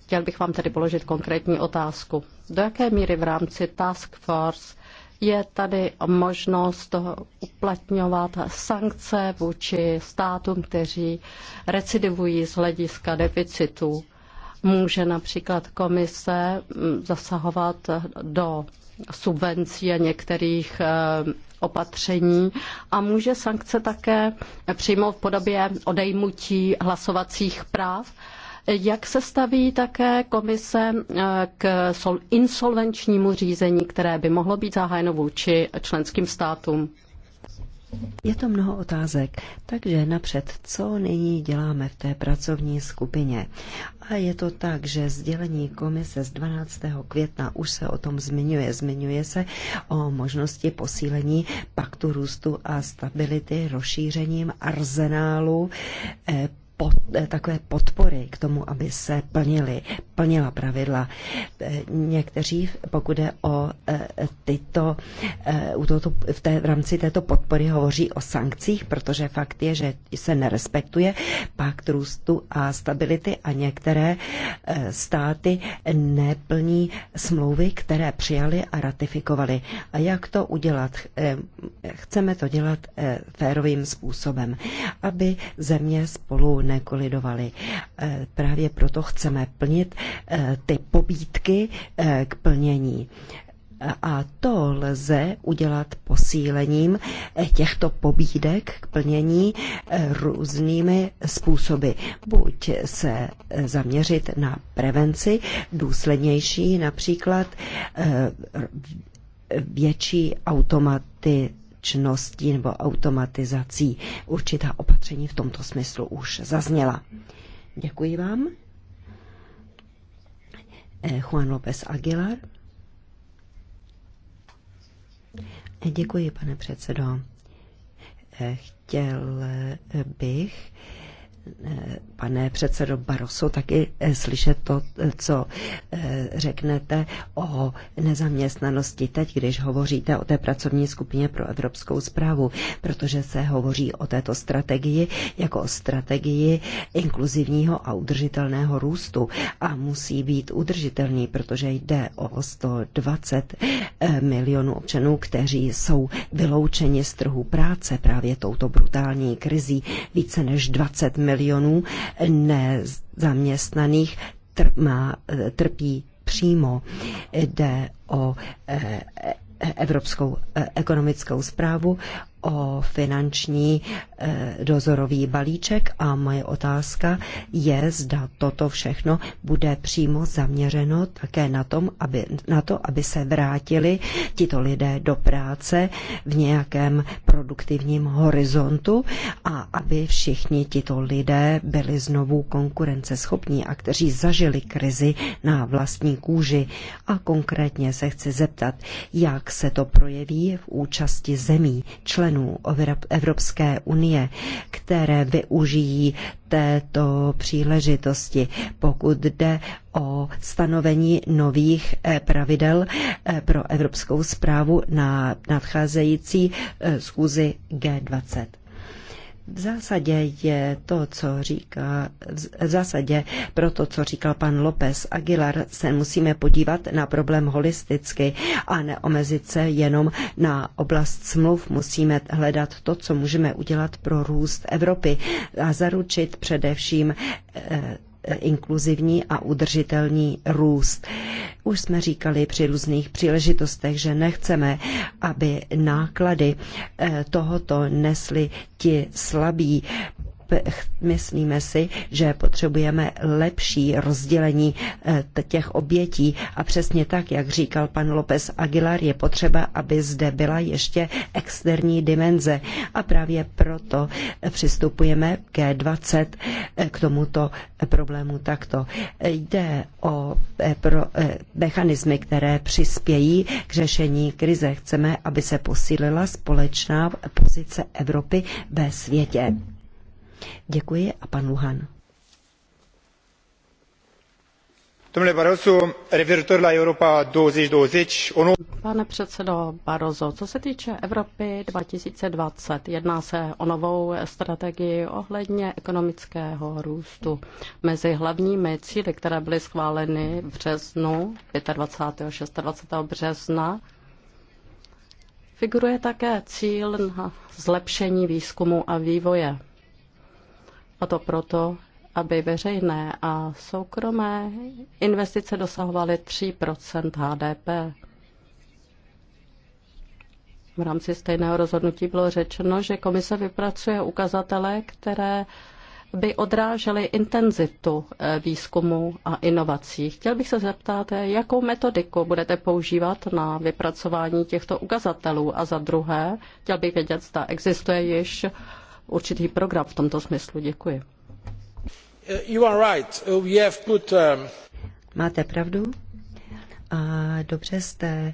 chtěl bych vám tedy položit konkrétní otázku. Do jaké míry v rámci Task Force je tady možnost uplatňovat sankce vůči státům, kteří recidivují z hlediska deficitu. Může například komise mm, zasahovat do subvencí a některých eh, opatření a může sankce také přijmout v podobě odejmutí hlasovacích práv jak se staví také komise eh, k insolvenčnímu řízení, které by mohlo být zahájeno vůči členským státům? Je to mnoho otázek, takže napřed, co nyní děláme v té pracovní skupině? A je to tak, že sdělení komise z 12. května už se o tom zmiňuje. Zmiňuje se o možnosti posílení paktu růstu a stability rozšířením arzenálu eh, pod, eh, takové podpory k tomu, aby se plnili, plnila pravidla. Eh, někteří, pokud jde o eh, tyto, u tohoto, v, té, v rámci této podpory hovoří o sankcích, protože fakt je, že se nerespektuje pakt růstu a stability a některé státy neplní smlouvy, které přijali a ratifikovali. A jak to udělat? Chceme to dělat férovým způsobem, aby země spolu nekolidovaly. Eh, právě proto chceme plnit eh, ty pobídky eh, k plnění. A to lze udělat posílením těchto pobídek k plnění různými způsoby. Buď se zaměřit na prevenci, důslednější například větší automatizaci automatičností nebo automatizací. Určitá opatření v tomto smyslu už zazněla. Děkuji vám. Eh, Juan López Aguilar. Eh, děkuji, pane předsedo. Eh, chtěl bych pane předsedo Barroso, taky eh, slyšet to, eh, co eh, řeknete o nezaměstnanosti teď, když hovoříte o té pracovní skupině pro evropskou zprávu, protože se hovoří o této strategii jako o strategii inkluzivního a udržitelného růstu a musí být udržitelný, protože jde o 120 milionů občanů, kteří jsou vyloučeni z trhu práce právě touto brutální krizí. Více než 20 milionů milionů nezaměstnaných eh, trpí přímo. Jde o eh, e- e- evropskou eh, ekonomickou zprávu, o finanční eh, dozorový balíček a moje otázka je, zda toto všechno bude přímo zaměřeno také na, tom, aby, na to, aby se vrátili tito lidé do práce v nějakém produktivním horizontu a aby všichni tito lidé byli znovu konkurenceschopní a kteří zažili krizi na vlastní kůži. A konkrétně se chci zeptat, jak se to projeví v účasti zemí členů členů Evropské unie, které využijí této příležitosti, pokud jde o stanovení nových eh, pravidel eh, pro evropskou zprávu na nadcházející eh, schůzi G20 v zásadě je to, co říká, v zásadě pro to, co říkal pan López Aguilar, se musíme podívat na problém holisticky a neomezit se jenom na oblast smluv. Musíme hledat to, co můžeme udělat pro růst Evropy a zaručit především eh, inkluzivní a udržitelný růst. Už jsme říkali při různých příležitostech, že nechceme, aby náklady eh, tohoto nesli ti slabí, myslíme si, že potřebujeme lepší rozdělení eh, těch obětí a přesně tak, jak říkal pan López Aguilar, je potřeba, aby zde byla ještě externí dimenze a právě proto eh, přistupujeme k 20 eh, k tomuto problému takto. Jde o pro, mechanismy, které přispějí k řešení krize. Chceme, aby se posílila společná pozice Evropy ve světě. Děkuji a pan Luhan. Domnule Barroso, referitor la Europa 2020, ono... Pane předsedo Barozo, co se týče Evropy 2020, jedná se o novou strategii ohledně ekonomického růstu. Mezi hlavními cíly, které byly schváleny v březnu, 25. a 26. března, figuruje také cíl na zlepšení výzkumu a vývoje. A to proto, aby veřejné a soukromé investice dosahovaly 3 HDP. V rámci stejného rozhodnutí bylo řečeno, že komise vypracuje ukazatele, které by odrážely intenzitu eh, výzkumu a inovací. Chtěl bych se zeptat, eh, jakou metodiku budete používat na vypracování těchto ukazatelů a za druhé, chtěl bych vědět, zda existuje již určitý program v tomto smyslu. Děkuji. Um, Máte pravdu. A dobře jste eh,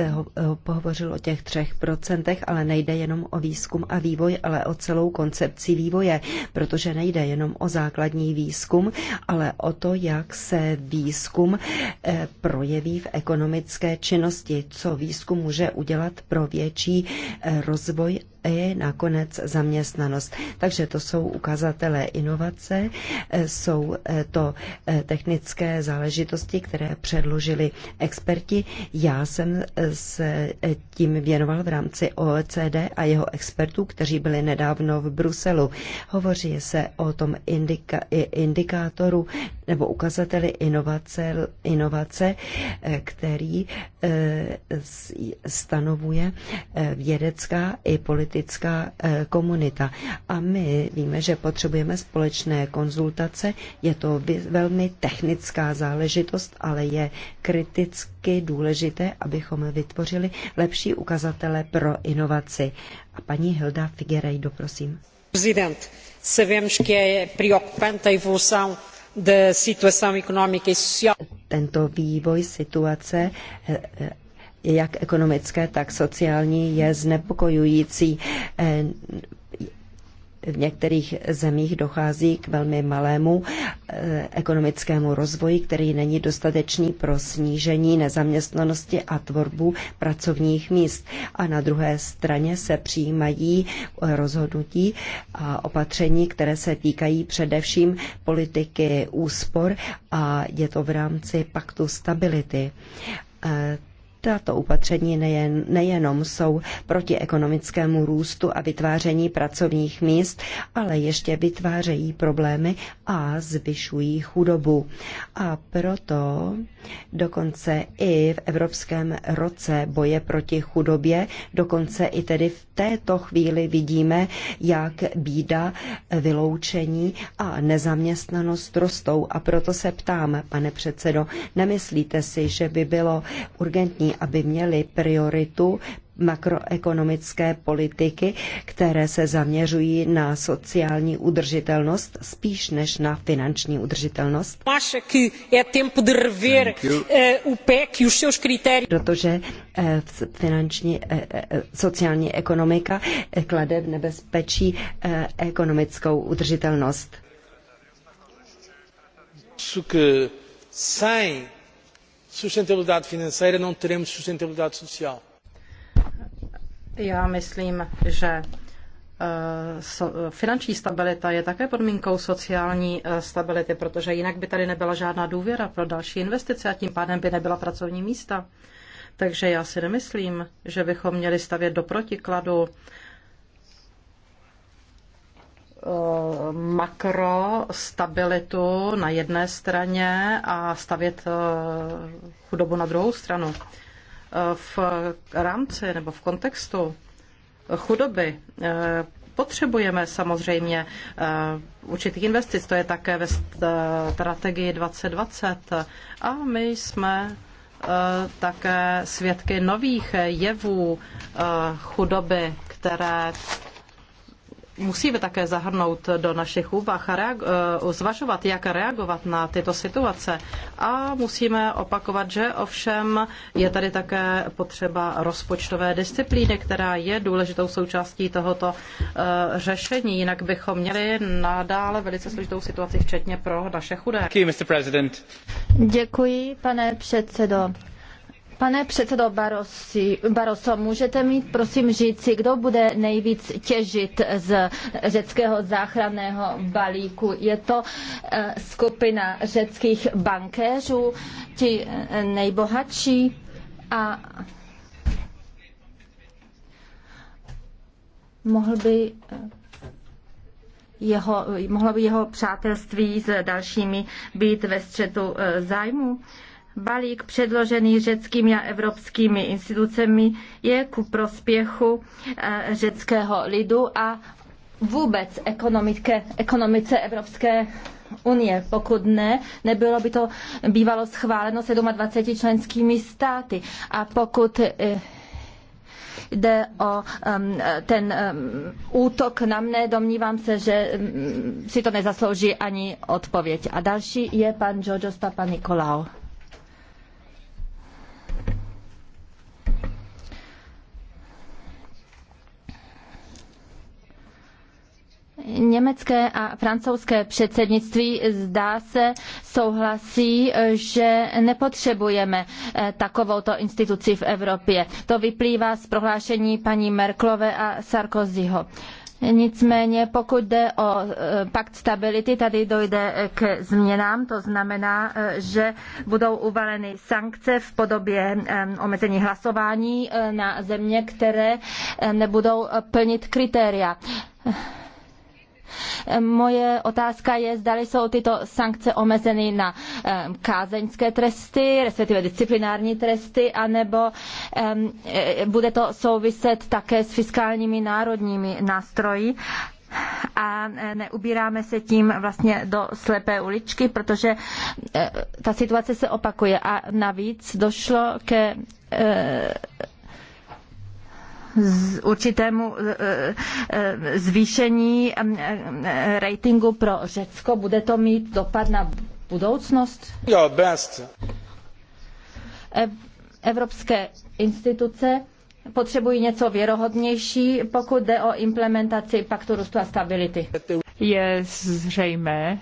eh, pohovořil o těch třech procentech, ale nejde jenom o výzkum a vývoj, ale o celou koncepci vývoje, protože nejde jenom o základní výzkum, ale o to, jak se výzkum eh, projeví v ekonomické činnosti, co výzkum může udělat pro větší rozvoj i nakonec zaměstnanost. Takže to jsou ukazatele inovace, jsou to technické záležitosti, které předložili experti. Já jsem eh, se eh, tím věnoval v rámci OECD a jeho expertů, kteří byli nedávno v Bruselu. Hovoří se o tom indika, indikátoru nebo ukazateli inovace, inovace eh, který stanovuje vědecká i politická komunita. A my víme, že potřebujeme společné konzultace. Je to velmi technická záležitost, ale je kritická kriticky důležité, abychom vytvořili lepší ukazatele pro inovaci. A paní Hilda Figerej, doprosím. Prezident, sabemos que že preocupante a evolução da situação económica e social. Tento vývoj situace eh, eh, jak ekonomické, tak sociální je znepokojující eh, v některých zemích dochází k velmi malému eh, ekonomickému rozvoji, který není dostatečný pro snížení nezaměstnanosti a tvorbu pracovních míst. A na druhé straně se přijímají eh, rozhodnutí a opatření, které se týkají především politiky úspor a je to v rámci paktu stability eh, tato opatření nejen, nejenom jsou proti ekonomickému růstu a vytváření pracovních míst, ale ještě vytvářejí problémy a zvyšují chudobu. A proto dokonce i v Evropském roce boje proti chudobě, dokonce i tedy v této chvíli vidíme, jak bída, vyloučení a nezaměstnanost rostou. A proto se ptám, pane předsedo, nemyslíte si, že by bylo urgentní, aby měly prioritu makroekonomické politiky, které se zaměřují na sociální udržitelnost spíš než na finanční udržitelnost. Eh, e e Protože eh, finanční eh, sociální ekonomika klade v nebezpečí ekonomickou udržitelnost sustentabilidade financeira, não teremos sustentabilidade social. Já myslím, že eh, finanční stabilita je také podmínkou sociální eh, stability, protože jinak by tady nebyla žádná důvěra pro další investice a tím pádem by nebyla pracovní místa. Takže já si nemyslím, že bychom měli stavět do protikladu Eh, makro stabilitu na jedné straně a stavět eh, chudobu na druhou stranu. Eh, v rámci nebo v kontextu chudoby potřebujeme samozřejmě určitých investic, to je také ve strategii 2020 a my jsme také svědky nových jevů chudoby, které musíme také zahrnout do našich úvah a eh, zvažovat, jak reagovat na tyto situace. A musíme opakovat, že ovšem je tady také potřeba rozpočtové disciplíny, která je důležitou součástí tohoto eh, řešení. Jinak bychom měli nadále velice složitou situaci, včetně pro naše chudé. Děkuji, pane předsedo. Pane předsedo Barosi, Baroso, můžete mi prosím říci, kdo bude nejvíc těžit z řeckého záchranného balíku? Je to eh, skupina řeckých bankéřů, ti eh, nejbohatší a mohl by eh, jeho, mohlo by jeho přátelství s dalšími být ve střetu zájmu balík předložený řeckými a evropskými institucemi je ku prospěchu eh, řeckého lidu a vůbec ekonomice, ekonomice Evropské unie. Pokud ne, nebylo by to bývalo schváleno 27 členskými státy. A pokud eh, jde o ten útok na mne, domnívám se, že si to nezaslouží ani odpověď. A další je pan Georgios Papanikolaou. Německé a francouzské předsednictví zdá se souhlasí, že nepotřebujeme eh, takovouto instituci v Evropě. To vyplývá z prohlášení paní Merklové a Sarkozyho. Nicméně pokud jde o eh, pakt stability, tady dojde eh, k změnám, to znamená, že budou uvaleny sankce v podobě omezení hlasování na země, které nebudou plnit kritéria. Moje otázka je, zdali jsou tyto sankce omezeny na kázeňské tresty, respektive disciplinární tresty, anebo e, bude to souviset také s fiskálními národními nástroji a e, neubíráme se tím vlastně do slepé uličky, protože e, ta situace se opakuje a navíc došlo ke z určitému e, e, zvýšení e, ratingu pro Řecko. Bude to mít dopad na budoucnost? Jo, best. Evropské instituce potřebují něco věrohodnější, pokud jde o implementaci paktu růstu a stability. Je zřejmé,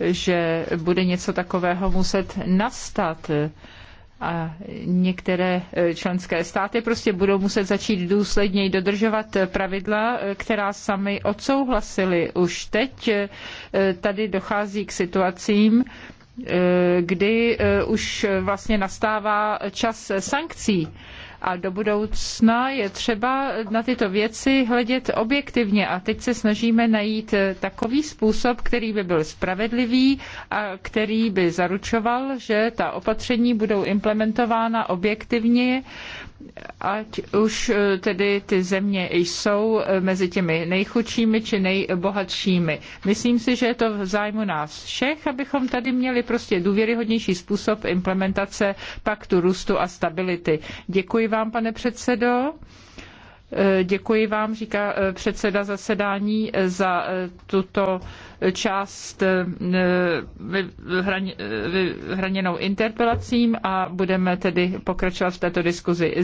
že bude něco takového muset nastat a některé e, členské státy prostě budou muset začít důsledněji dodržovat e, pravidla, e, která sami odsouhlasili. Už teď tady dochází k situacím, kdy už vlastně nastává čas sankcí. A do budoucna je třeba na tyto věci hledět objektivně a teď se snažíme najít takový způsob, který by byl spravedlivý a který by zaručoval, že ta opatření budou implementována objektivně ať už eh, tedy ty země jsou eh, mezi těmi nejchudšími či nejbohatšími. Myslím si, že je to v zájmu nás všech, abychom tady měli prostě důvěryhodnější způsob implementace paktu růstu a stability. Děkuji vám, pane předsedo. Eh, děkuji vám, říká předseda zasedání, za tuto část vyhraněnou interpelacím a budeme tedy pokračovat v této diskuzi.